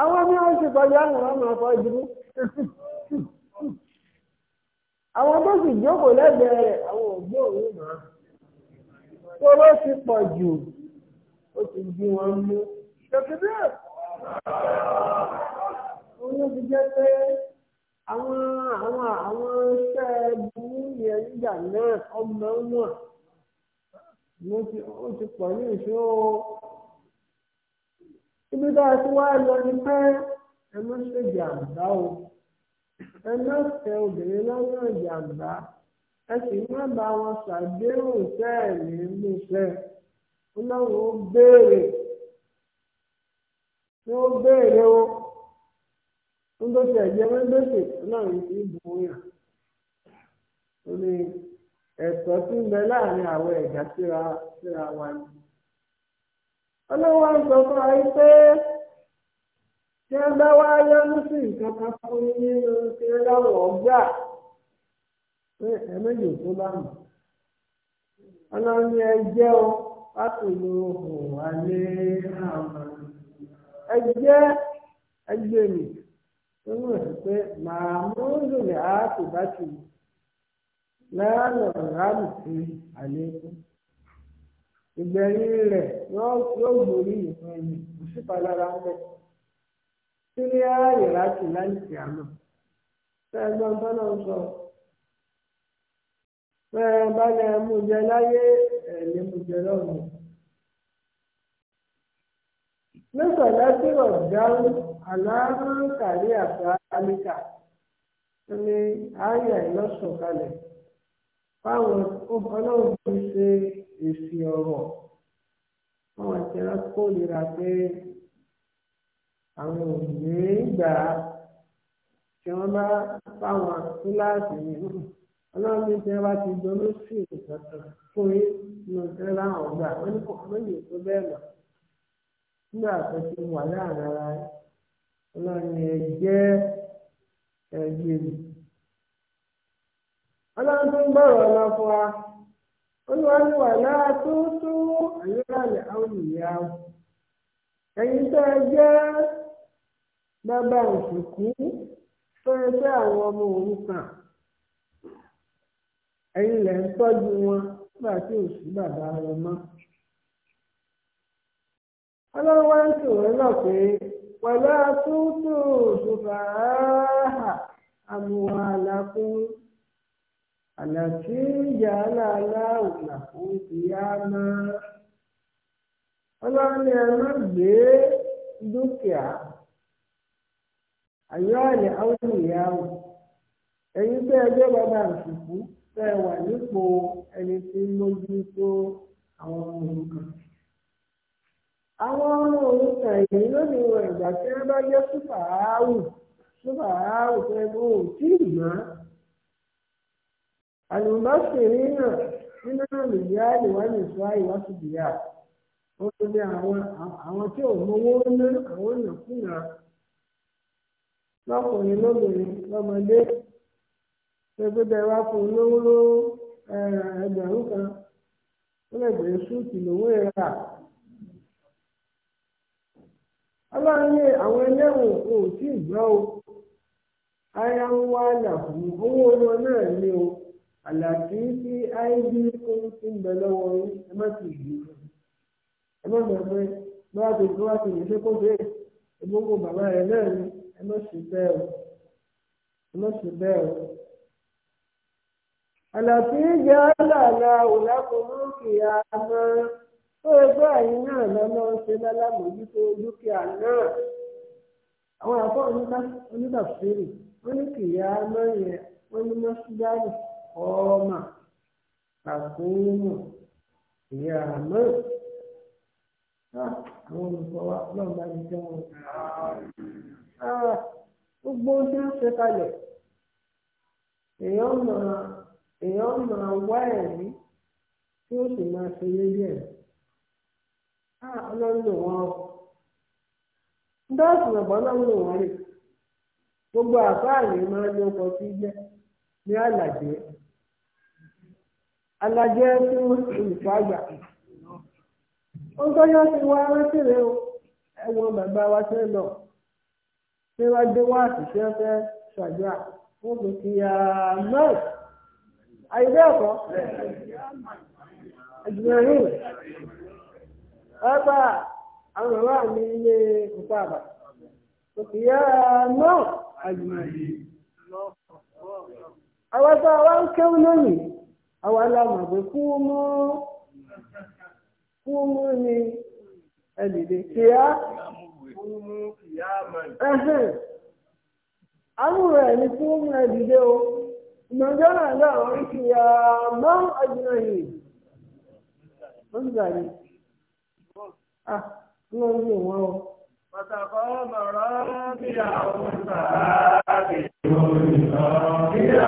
àwọn ní wọ́n ṣe kọjá àwòrán máa fọ́ dúró àwọn tó sì jókòó lẹ́gbẹ̀ẹ́ rẹ̀ àwọn ògbó òun máa tó ló ti pọ̀ jù ó ti di wọn mú ṣèkìdí òun ló ti jẹ́ pé àwọn àwọn àwọn ibi tá a ti wá lọ ni pé ẹ má ṣe jàǹbá o ẹ má tẹ obìnrin lọ́nà jàǹbá ẹ sì má bá wọn ṣàdéhùn tẹ́ ẹ̀ ní múṣẹ́ ọlọ́run ó béèrè tí ó béèrè o ń ẹ̀jẹ̀ mẹ́gbèsè ọlọ́run ti bù ú yàn ó ní ẹ̀tọ́ tí ń bẹ láàrin àwọn ẹ̀dá síra síra wa ni. ọlọ́wọ́ ń sọ fún ayé pé tí wọ́n bá wá yọnu sí nǹkan kan fún ọbịa pé ẹ̀mẹ́jì tó bá o mi tó mọ̀ ma pé màá mú lòlẹ̀ àátò bá ti lẹ́yìn ọ̀rọ̀ àbùkù ìgbẹ̀yìn rẹ̀ yóò gbòrí ìfún ẹni kò ń bẹ̀. kí ni á rè láti láìsí àná fẹ́ gbọ́n tọ́nà ń sọ fẹ́ balẹ̀ mú jẹ láyé ẹ̀ lè mú jẹ lọ́rùn. lọ́sọ̀ lẹ́sìrọ̀ dáhùn àlàáfíà kàrí àtàlíkà ní ayé fáwọn ọlọ́run tó ṣe èsì ọ̀rọ̀ fáwọn àtẹ̀rà kórìíra pé àwọn òní gbà á tí wọ́n bá fáwọn kíláàsì yìí ọlọ́run ní tí wọ́n bá ti dọ́nú sí ìtọ́tọ̀ fún yín nínú tẹ́lẹ̀ láwọn gbà wọ́n ní kọ̀ọ̀kan lóye tó bẹ́ẹ̀ lọ nígbà tó ti wà láàrin ara ọlọ́run ẹ jẹ́ ẹ mi. ọlọ́run tó ń fụa, lọ fún wa olùwàlúwà lára tó tó àyíkàlẹ̀ àwọn ìyá tó ẹ jẹ́ bàbá òṣùkú tó ẹ jẹ́ àwọn ọmọ òrukàn ẹ̀yin lẹ̀ ń tọ́jú wọn nígbà tí bàbá rẹ ọlọ́run wá ń tò wọ́n náà التي جعل الله لكم قياما ọlọ́run ya ẹ má gbé dúkìá àyọ́ àlẹ́ àwọn ìyáwó ẹ̀yin tẹ́ ẹjọ́ bàbá àsìkú tẹ́ wà nípò ẹni tí mójú tó àwọn ọmọ òrukàn. àwọn ọmọ òrukàn yìí lónìí ìgbà tí wọ́n bá jẹ́ súpàáwù súpàáwù tẹ́ àlùmọ́sìnrin náà nínú àlùyá ìwádìí ìṣọ́ ìwásìdìyà wọ́n ní àwọn tí ò mówó ná àwọn ìnàkúnà lọ́kùnrin lóbìnrin lọ́mọdé pépébẹ wá fún un lówó kan ó lè súùtì lówó ní àwọn ẹlẹ́wọ̀n kò tí ì o ayáwó wá là fún owó o. àlàtí tí áìdí fún ti ń bẹ lọ́wọ́ yín ẹ má ti gbé ẹ má bẹ̀rẹ̀ pé bí wàá ti bí wàá ti lè ṣe kó dé ìgbógun bàbá rẹ̀ náà ni ẹ má ṣe bẹ́ẹ̀ o ẹ má ṣe bẹ́ẹ̀ o. àlàtí jẹ́ àlàlà òlàkùnrùkì àmọ́ ó ẹgbẹ́ ẹ̀yìn náà lọ́nà ṣe lálámòjútó dúkìá náà àwọn àfọ oníkàfẹ́rì wọ́n ní kìyà mọ́rin wọ́n ní mọ́sídárì. kọ́ọ́mà àkóónù ìyá àmọ́ àwọn olùkọ́ wa lọ́n bá ní jẹun gbogbo ohun tí wọ́n ṣe kalẹ̀ èèyàn máa wá ẹ̀mí tí ó sì máa ṣe lórí ẹ̀ ọlọ́run lò wọ́n Ha! lọ̀bọ̀ ọlọ́run lò wọ́n gbogbo máa ń lóko sí jẹ́ ní àlàjé. alájẹ́ tí wọ́n ti ìfọ́ àgbà. Wọ́n tọ́jọ́ ti rántí o, bàbá wa ṣe lọ. Ṣé wá dé wá àṣìṣe fẹ́ ṣàdúrà? Wọ́n kò ti yà á náà. Àyẹ̀dẹ́ ẹ̀kọ́. Ẹ̀jìnlẹ̀rìn. Ẹ̀bà mi ilé òkú àbà. Kò ti yà á náà. Àwọn tó àwa la kú mọ́ kú mọ́ ni ẹ kíá amúrò ẹ̀ ni kú mọ́ ẹ o ìgbọ̀njọ́ náà láwọn ìkìyà mọ́ ọ̀jìnà yìí wọ́n ń gbà ní. ah wọ́n ń gbè o. Pàtàkọ́ mọ̀rọ́ bí àwọn ìgbà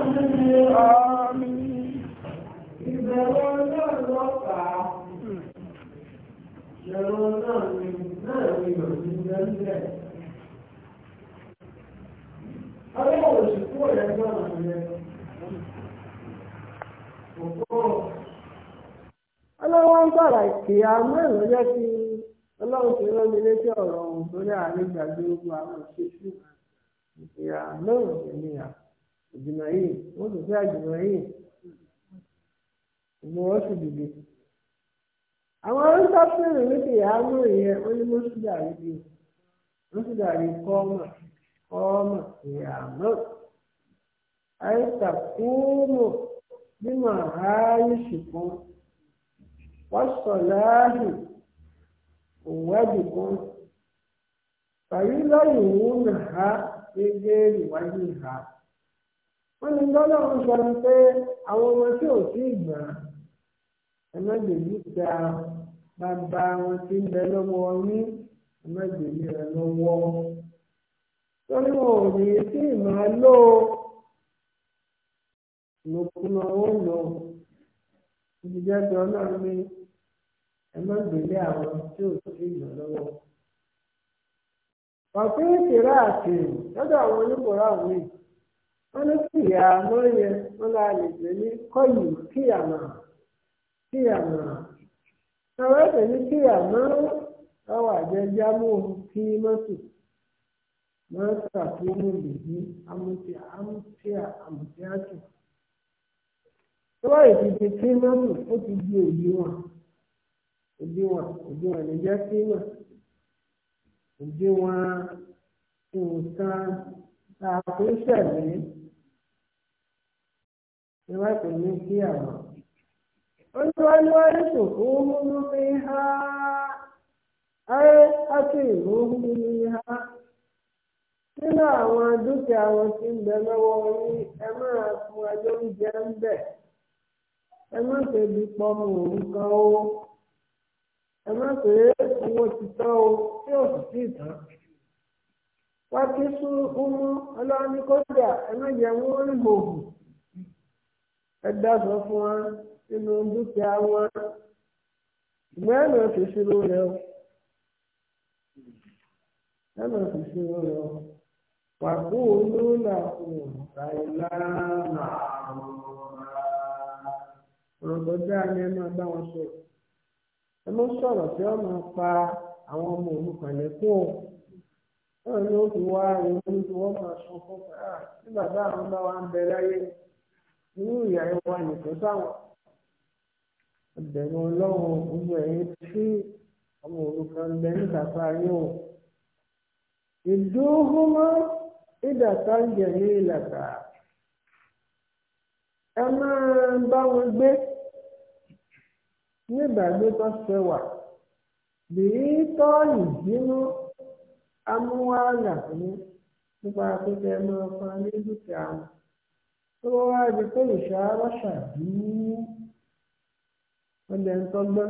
bẹ́ẹ̀ aláwọ̀ òṣìkú ọ̀rẹ́ náà rẹ̀ ọ̀pọ̀ aláwọ̀ ń bàrà kì mẹ́rin jẹ́ kí ọlọ́run ti rán mi létí ọ̀rọ̀ ọ̀hún tó ní àárín gbàgbé ogun àwọn mẹ́rin yìí wọ́n sì fẹ́ yìí sì dìde àwọn wọ́n sì dàrí kọ́mà kọ́mà ìyàmọ́ àìsàkúmù nínú àhárí ṣùgbọ́n wọ́n sọ láàyè òwádìí kan pàrí lọ́yìn òun nà á gbégbé ìwádìí ìhà wọ́n ní lọ́lọ́run sọ pé àwọn ọmọ tí ò sí ìgbà ẹ má gbèjì bàbá wọn ti ń bẹ lọ́wọ́ yín. ẹmẹgbẹmí rẹ n'ụwọ torí wọn ò ní sí ìmọ̀ lò ó lòkùnà ó lò ó ìdíjẹ́ pé ọlọ́run ní ẹmẹgbẹmí àwọn tí ò sí ìmọ̀ ọgwụ ọ̀pẹ́ ìkìlá àti lọ́dọ̀ àwọn oníbòrò wọ́n ní kí ìyá mọ́yẹ wọn la lè ní kọ́yì kíyàmà kíyàmà àwọn káwà jẹ́ jámù kí mọ́tò mọ́tà tó mú lè ní amútíà amútíà amútíà tù. káwà ìdíje kí mọ́tò ó ti di òdiwọ̀n òdiwọ̀n òdiwọ̀n lè jẹ́ kí mọ̀ òdiwọ̀n nǹkan tá ni wọ́n pè ní ayé ákìrìmù nínú ha nínú àwọn dúkìá wọn tí ń bẹ lọ́wọ́ yín ẹ máa fún ẹ lóúnjẹ ń bẹ̀ ẹ má ṣe bí òun kan o ẹ má pé owó o tí ò sì tán sún fún wa nínú dúkìá wọn ìgbẹ́ ẹ̀rọ ṣèṣirò o. lọ́nà ìṣòro rẹ̀ wàkó olóòlà òǹkà ìlànà ọ̀rọ̀ tó dáa ni ẹ máa bá wọn sọ̀rọ̀ ẹ mọ́ sọ̀rọ̀ tí wọ́n máa pa àwọn ọmọ òrukàn lẹ́kọ̀ọ́ náà ni ó fi wá ìlú tí wọ́n máa sọ fún pàrà tí bàbá àwọn bá wa ń bẹ láyé inú ìyá ẹ wà nìkan sáwọn ọbẹ̀rún ọlọ́run gbogbo ẹ̀yìn tí ọmọ òrukàn níta fáyé o ìdóhùnmọ́ ìdàtà jẹ̀lé ìlàtà ẹ máa bá wọn gbé nígbàgbé tó ṣe wà bìí tọ́ ìbínú amúhàlà ní nípa pípẹ́ máa fa ní dúkìá wọn tó wá di pé ìṣàlọ́ṣà bí wọ́n lẹ́ńtọ́gbọ́n.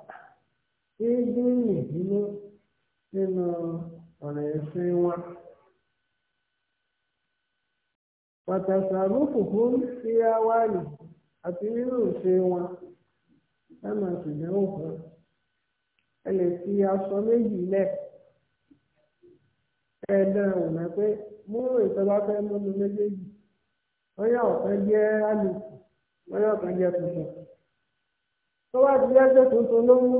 éédéèyàn nínú nínú ọ̀rọ̀ ẹ̀sìn wọn. pàtàkì àlùfòfò ń fi awáàlì àti rírò ṣe wọn lọ́nà ìdánwò kan ẹ lè fi aṣọ méjì lẹ̀ ẹ dára wò ná pé mú ìtọ́lá fẹ́ múnú méjèèjì bóyá ọ̀kan jẹ́ àlùkò bóyá ọ̀kan jẹ́ tuntun tó bá ti jẹ́ pé tuntun ló mú.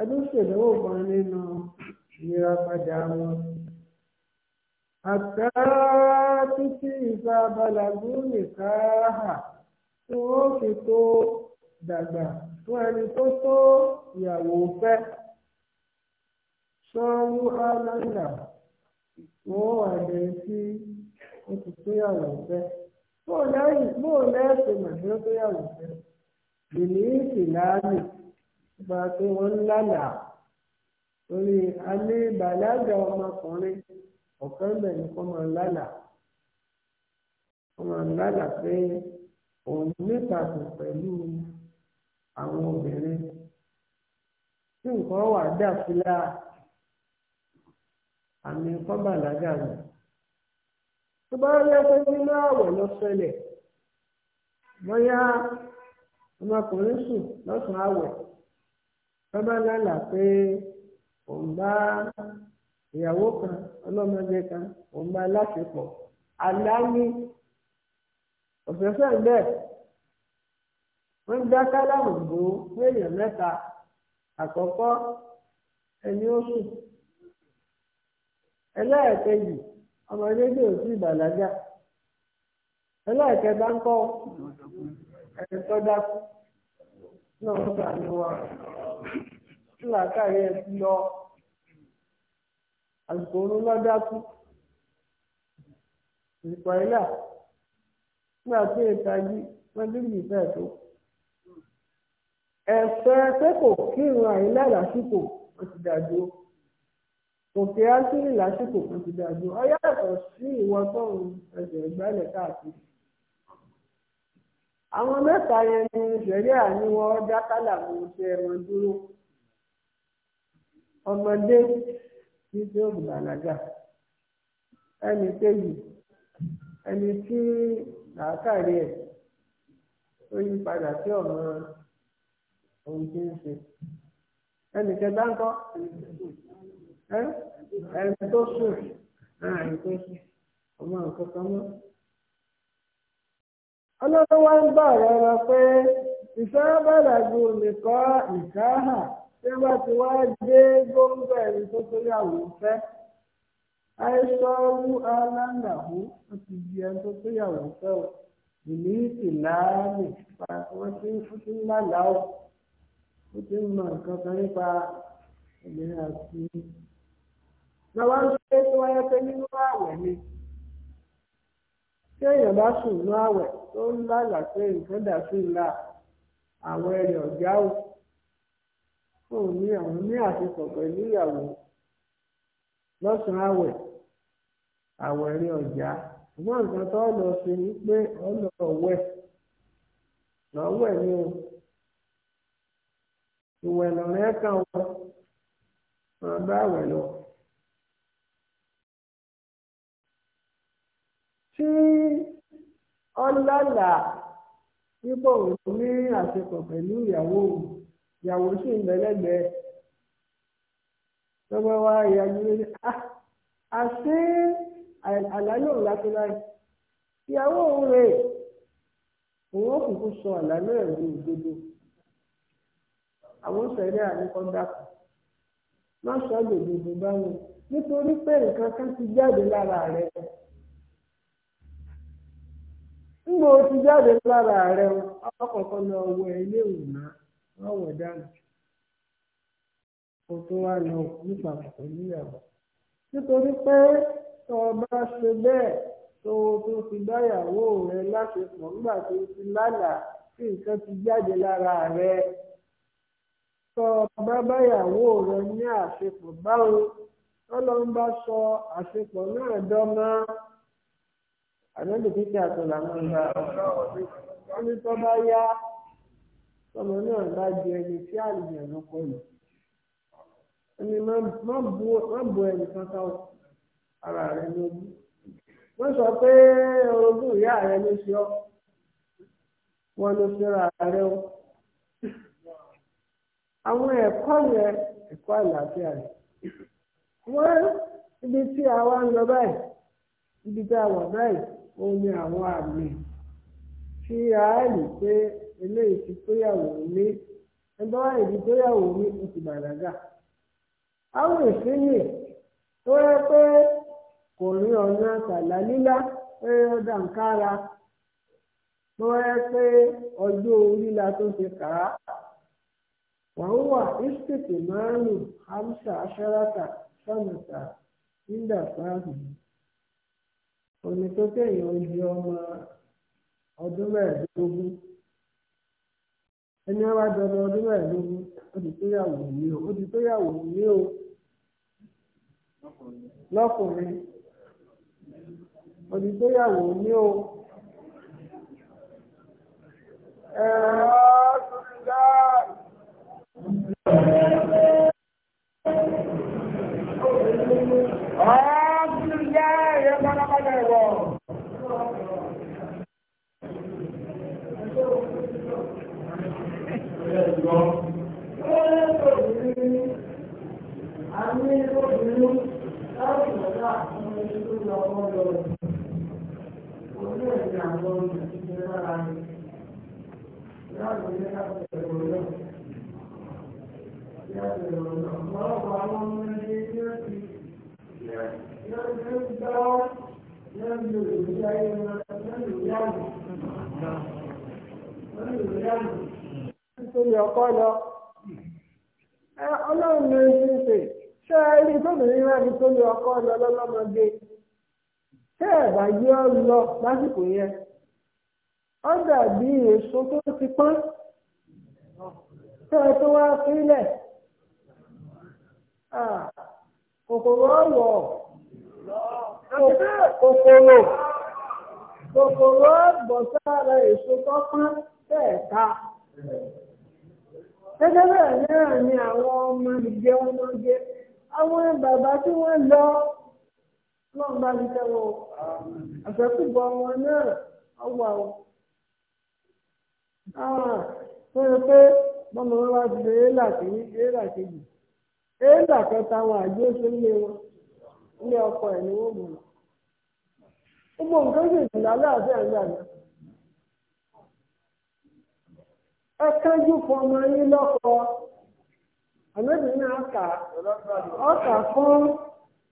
ẹdún ṣèdánwò kan nínú ìnira padà wọn. àtẹ títí ìfà balàgbó nìkan hà tí wọ́n fi tó dàgbà fún ẹni tó tó ìyàwó fẹ́ sọ́ọ́rú áláńdà wọ́n wà lé sí oṣù tó yàwó fẹ́. bóò lẹ́sìn màdúró tó yàwó fẹ́. bìlíìsì láàmì gba pé wọ́n ń lálàá torí alẹ́ ìbàlágà ọmọkùnrin ọ̀kan bẹ̀ ni kò máa lálàá kò máa lálàá pé òun nípasẹ̀ pẹ̀lú àwọn obìnrin tí nǹkan wà dà fúlà àmì kọ́bàlágà rẹ̀ tó bá yẹ pé nínú àwẹ̀ lọ ṣẹlẹ̀ bóyá ọmọkùnrin sùn lọ́sàn-án àwẹ̀ bábá lálàá pé òun bá ìyàwó kan ọlọ́mọdé kan òun bá láṣepọ̀ àlàyé òṣèṣẹ́ bẹ́ẹ̀ wọ́n dá kálámù bò ó méèyàn mẹ́ta àkọ́kọ́ ẹni oṣù ẹlẹ́ẹ̀kejì ọmọ ilé òsì ìbàlágà ẹlẹ́ẹ̀kẹta ń kọ́ ẹ̀ńtọ́dákú náà ń gbà ní wa tí làákàyè ẹ ti lọ àsìkò oorun lọ́dá kú ìsìnkú àìlà nígbà tí ìtají wọ́n dín ní ìfẹ́ tó ẹ̀fẹ́ pé kò kírun àìlà lásìkò wọ́n ti dàjọ́ òkè ásírì lásìkò kan ti dájú ọyá ẹ̀kọ́ sí ìwọ tóun ẹsẹ̀ káàkiri àwọn mẹ́ta yẹn ni ìṣẹ̀lẹ̀ àníwọ̀ dákàlà mú iṣẹ́ wọn dúró ọmọdé tí tí ó gbàlágà ẹni kéyì ẹni tí làákàrí ẹ̀ tó yí padà sí ọ̀nà ohun tí ń ṣe ẹni kẹta ń kọ́ ẹni tó sùn ẹni tó sùn ọmọ nǹkan kan mọ́. ọlọ́run wá ń bá ọ̀rọ̀ lọ pé ìfẹ́bàdàgbò nìkọ́ ìkáhà tí wọ́n ti wá dé gómìnà ẹni tó torí àwọn ìfẹ́ ti di ẹni tó torí àwọn ìfẹ́ o ìlú ìtìláàmì wọ́n ti ń fún un lálàá ó ti ń mọ nǹkan kan nípa àti. lọ́wọ́ ń ṣe pé nínú àwẹ̀ ni. téèyàn bá sùn ní àwẹ̀ tó ń lálà pé nǹkan dà sí ìlà àwọn ẹ̀rẹ̀ ọ̀gá o fóun ní àwọn ní àsopọ̀ pẹ̀lú ìyàwó lọ́sàn-án àwẹ̀ àwọn ẹ̀rẹ̀ ọ̀gá ṣùgbọ́n nǹkan tó lọ sí ni pé ọ̀nà ọ̀wẹ̀ lọ́wẹ̀ tí ọlọ́là wípé òun ní àṣepọ̀ pẹ̀lú ìyàwó ìyàwó sì ń lẹ́lẹ́gbẹ̀ẹ́ lọ́wọ́ wa ìyàwó ní àṣé àlálò ńlá ìyàwó òun òun òdodo àwọn dàpọ̀ má sọ báwọn nítorí pé nǹkan kan mo tí jáde lára rẹ ọkọ̀ọ̀kan lọ wọ ilé ìwòná wọ́n wọ̀ nítorí pé tó bá ṣe bẹ́ẹ̀ tó tó fi báyàwó rẹ láṣepọ̀ nígbà tó ti lálàá jáde lára rẹ sọ ní àṣepọ̀ báwo sọ àṣepọ̀ náà dán àlejò títí àtúnlá máa ń bá wọn ní tó bá yá tọmọ náà bá di ẹni tí àlejò ló kọ lù ẹni má bu ẹni kankan ara rẹ lójú wọ́n sọ pé orogún ìyá rẹ ló ṣe ọ́ wọn ló fẹ́ra rẹ o àwọn ẹ̀kọ́ yẹn ẹ̀kọ́ àlàáfíà rẹ wọ́n ibi tí a wá ń lọ báyìí ibi tí a wà báyìí. ó ní àwọn àmì tí a rí pé eléyìí ti tóyàwó ní ẹgbẹ́ wa ìdí tóyàwó ní oṣù bàdàgà. àwọn ìsinmi tó yẹ pé kò rí ọ̀nà tàlà lílá pé ó dà ń kára tó tó ti kà omi tó kéèyàn di ọmọ ọdún mẹ́ẹ̀ẹ́dógún ẹni wá dọdọ ọdún mẹ́ẹ̀ẹ́dógún ó ti mi ó lọ wọ́n ní àwọn ṣe ṣe tó nìyí rẹ̀ ọkọ tẹ́ ẹ̀ bá yé ọ lọ lásìkò yẹn ọ dàbí èso tó ti pọ́n tẹ́ ẹ tó wá sílẹ̀ kòkòrò ọ̀wọ̀ kòkòrò kòkòrò ọ̀bọ̀ sára èso tó pọ́n tẹ́ ẹ̀ ta. Gẹ́gẹ́ bẹ́ẹ̀ náà ni àwọn ọmọ ìjẹun ọmọge, àwọn bàbá tí wọ́n lọ lọ́n bá mi tẹ́wọ́ àfẹ́kùbọ̀ wọn náà ọgbà wà o. tó pé bọ́mọ wọn wá ti ṣe éèlà kìíní àjọ ṣe ń lé wọn ilé ọkọ ẹ̀ ni wọ́n mú un. gbogbo nǹkan sì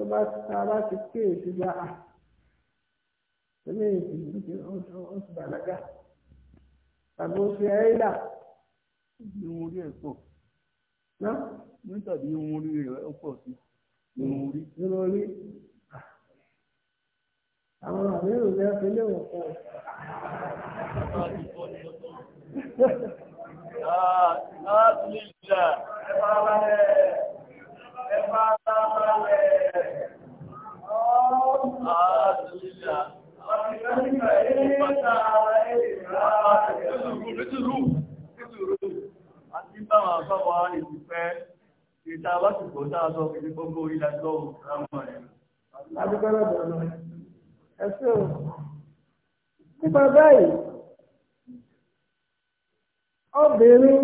tó bá tá a bá ti kéèsì gba à eléyìí ti ó ti bàlágà tàbí ó fi ẹyí là. ìwọ̀n orí ẹ̀ pọ̀ ná ní tàbí ìwọ̀n orí rẹ̀ ó pọ̀ sí ìwọ̀n orí. ìwọ̀n orí àwọn àmírù rẹ̀ fi léwọ̀n pọ̀. Ah, ah, please, uh, Ìta bá ti kò dáa sọ fìdí gbogbo ilẹ̀ lọ́wọ́ rámọ̀ ẹ̀. Adúgbọ́lá bọ̀lọ̀. Ẹ̀ṣẹ́ o. Nípa báyìí, obìnrin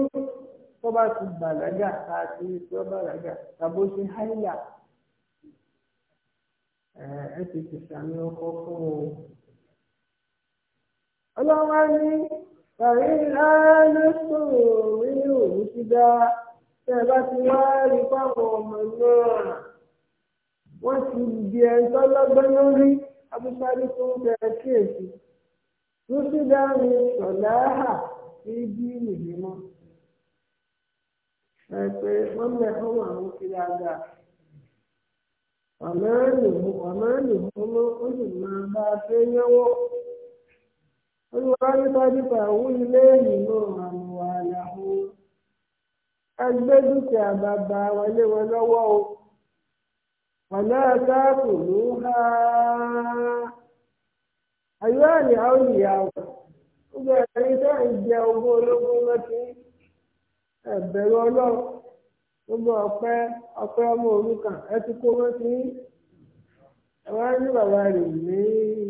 tó bá ti bàlágà ká ti tó bàlágà tàbó ṣe Haịla. ẹ ti ti sàmì ọkọ fún o. ọlọ́wọ́ ní tàbí lálẹ́sọ̀ rí òun ti dá bá ti wá rí fáwọn ọmọ náà wọ́n ti di ẹ̀ tọ́lọ́gbọ́n lórí abúsáré tó ń bẹ bí pé nwanne lẹ̀ fún àwọn ti aga. ọ̀nà ẹ̀nìhún ọ̀nà ẹ̀nìhún ló ó sì máa bá a ṣe yẹ́wó olùwárí pàdípà owó ilé ìlú àmì wàhálà o ẹgbẹ́ dúkìá bàbá wọn lọ́wọ́ o ọ̀nà àtàkù ló há ayọ́ àmì ẹ̀bẹ̀rù ọlọ́run gbogbo ọ̀pẹ́ ọ̀pẹ́ ọmọ òrukàn ẹ ti kó wọ́n sí ẹ wá ní bàbá ní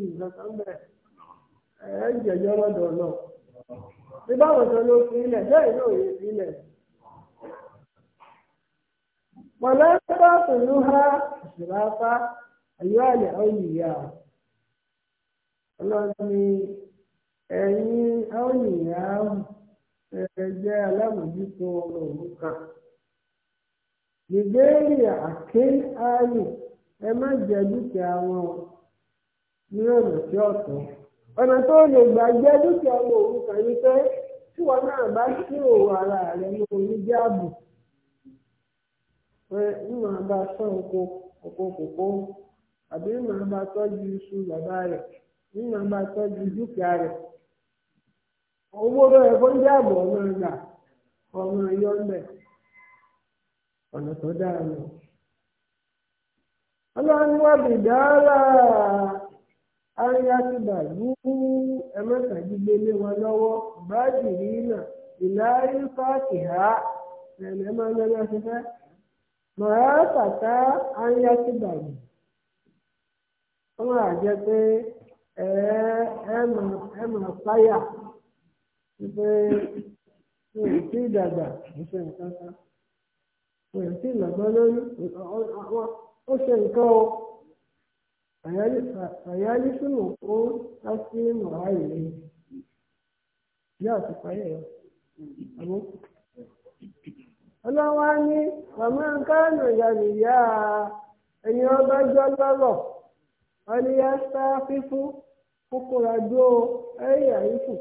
ìgbàkan bẹ̀ ẹ jẹ̀jọ́ lọ́dọ̀ náà bí báwo sọ ló fi ilẹ̀ bẹ́ẹ̀ náà fi ẹgbẹ́ alámòjútó ọmọ òun kan. Gbèbéèrè àkín áyù ẹ má jẹ dúkìá wọn ní ọ̀nà tí ọ̀tọ̀. Ọ̀nà tó jẹ dúkìá ọmọ òun kan ni na tí wọn náà bá sí òwò ara rẹ̀ ní oníjàbù. Pé ń nwa bá sọ ji oko kòkó àbí owó rẹ̀ fún jáàbù ọmọ ìgbà ọmọ ìyọ́ ńbẹ̀ ọ̀nà tó dára lọ. ọlọ́run wá bìdára ariatiba ní ẹ̀mẹ́tàdígbé lé wọn lọ́wọ́ báàgì rínà ìláyé pààkì ha ẹ̀lẹ́ máa ń lọ́wọ́ afẹ́fẹ́ màá tàtà ariatiba yìí wọ́n á jẹ́ pé ẹ̀ẹ́ ẹ̀ máa fáyà. wípé mi ò tí ì dàgbà mo nǹkan kan mo ò tí ì lọ́gbọ́n lórí ó ṣe nǹkan o àyálí sínú fún ásímù àìlè yá àtúpá yẹ ọ ọlọ́wọ́ ní màmá kánò yànníyà ẹni ọba jọ lọ́rọ̀ ọlẹ́yà sáfífún kókó rajó ẹ̀yà ìfún.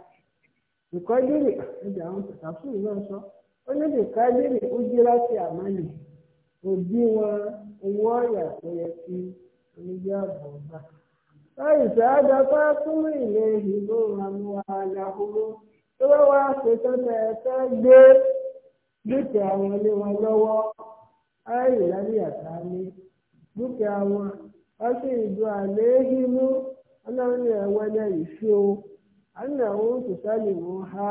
ìkọ́dírì ndị àwọn tàkàfùrù náà sọ onye ní ìkọ́dírì ó jí láti àmàlì òbí wọn owó ọ̀yà tó onye kí oníjẹ́ àbọ̀ ọba. báyìí sáádà bá fún ilé ìbò àwọn aláhóró tó ewewa wá ṣetán tẹ ẹ dịka gbé dúkìá aláwo tùsálì mú ha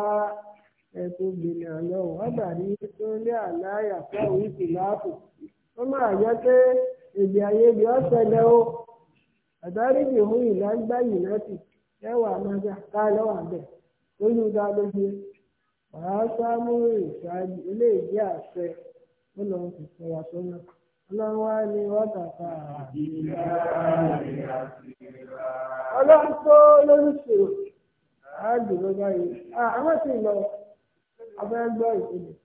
ẹ̀kọ́ gbìnà lọ wábà ní sọ́lé àláyà fáwọn ìsìláàpù wọn máa jẹ́ pé èdè àìyedè ọ̀sẹ̀lẹ̀ o àdáríjì òun ìlágbá ìrántí ẹwà mọ́jà ká lọ́wọ́ àbẹ̀ lójú ga lójú wàá àṣẹ ó lọ sì fẹ́ ọlọ́run tó lórí ṣòro. á jò ló báyìí àwọn sì lọ abẹ́ gbọ́ ìpínlẹ̀.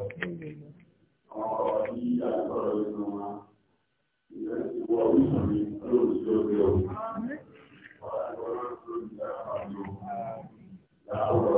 Thank you.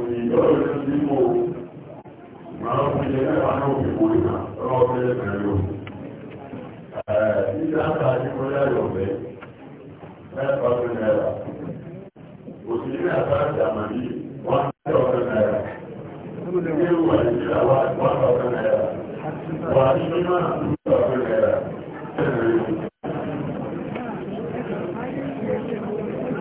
lọ́rọ̀ ìlú tí mo máa ń fi ẹgbẹ́ wa náà fi wò ìmá lọ́wọ́ fẹ́ ẹgbẹ́ lọ. Ní sáńtà ní kọjá ìrọ̀lẹ́, mẹ́ta tó náírà. Òṣèlú àtàkì àmàlí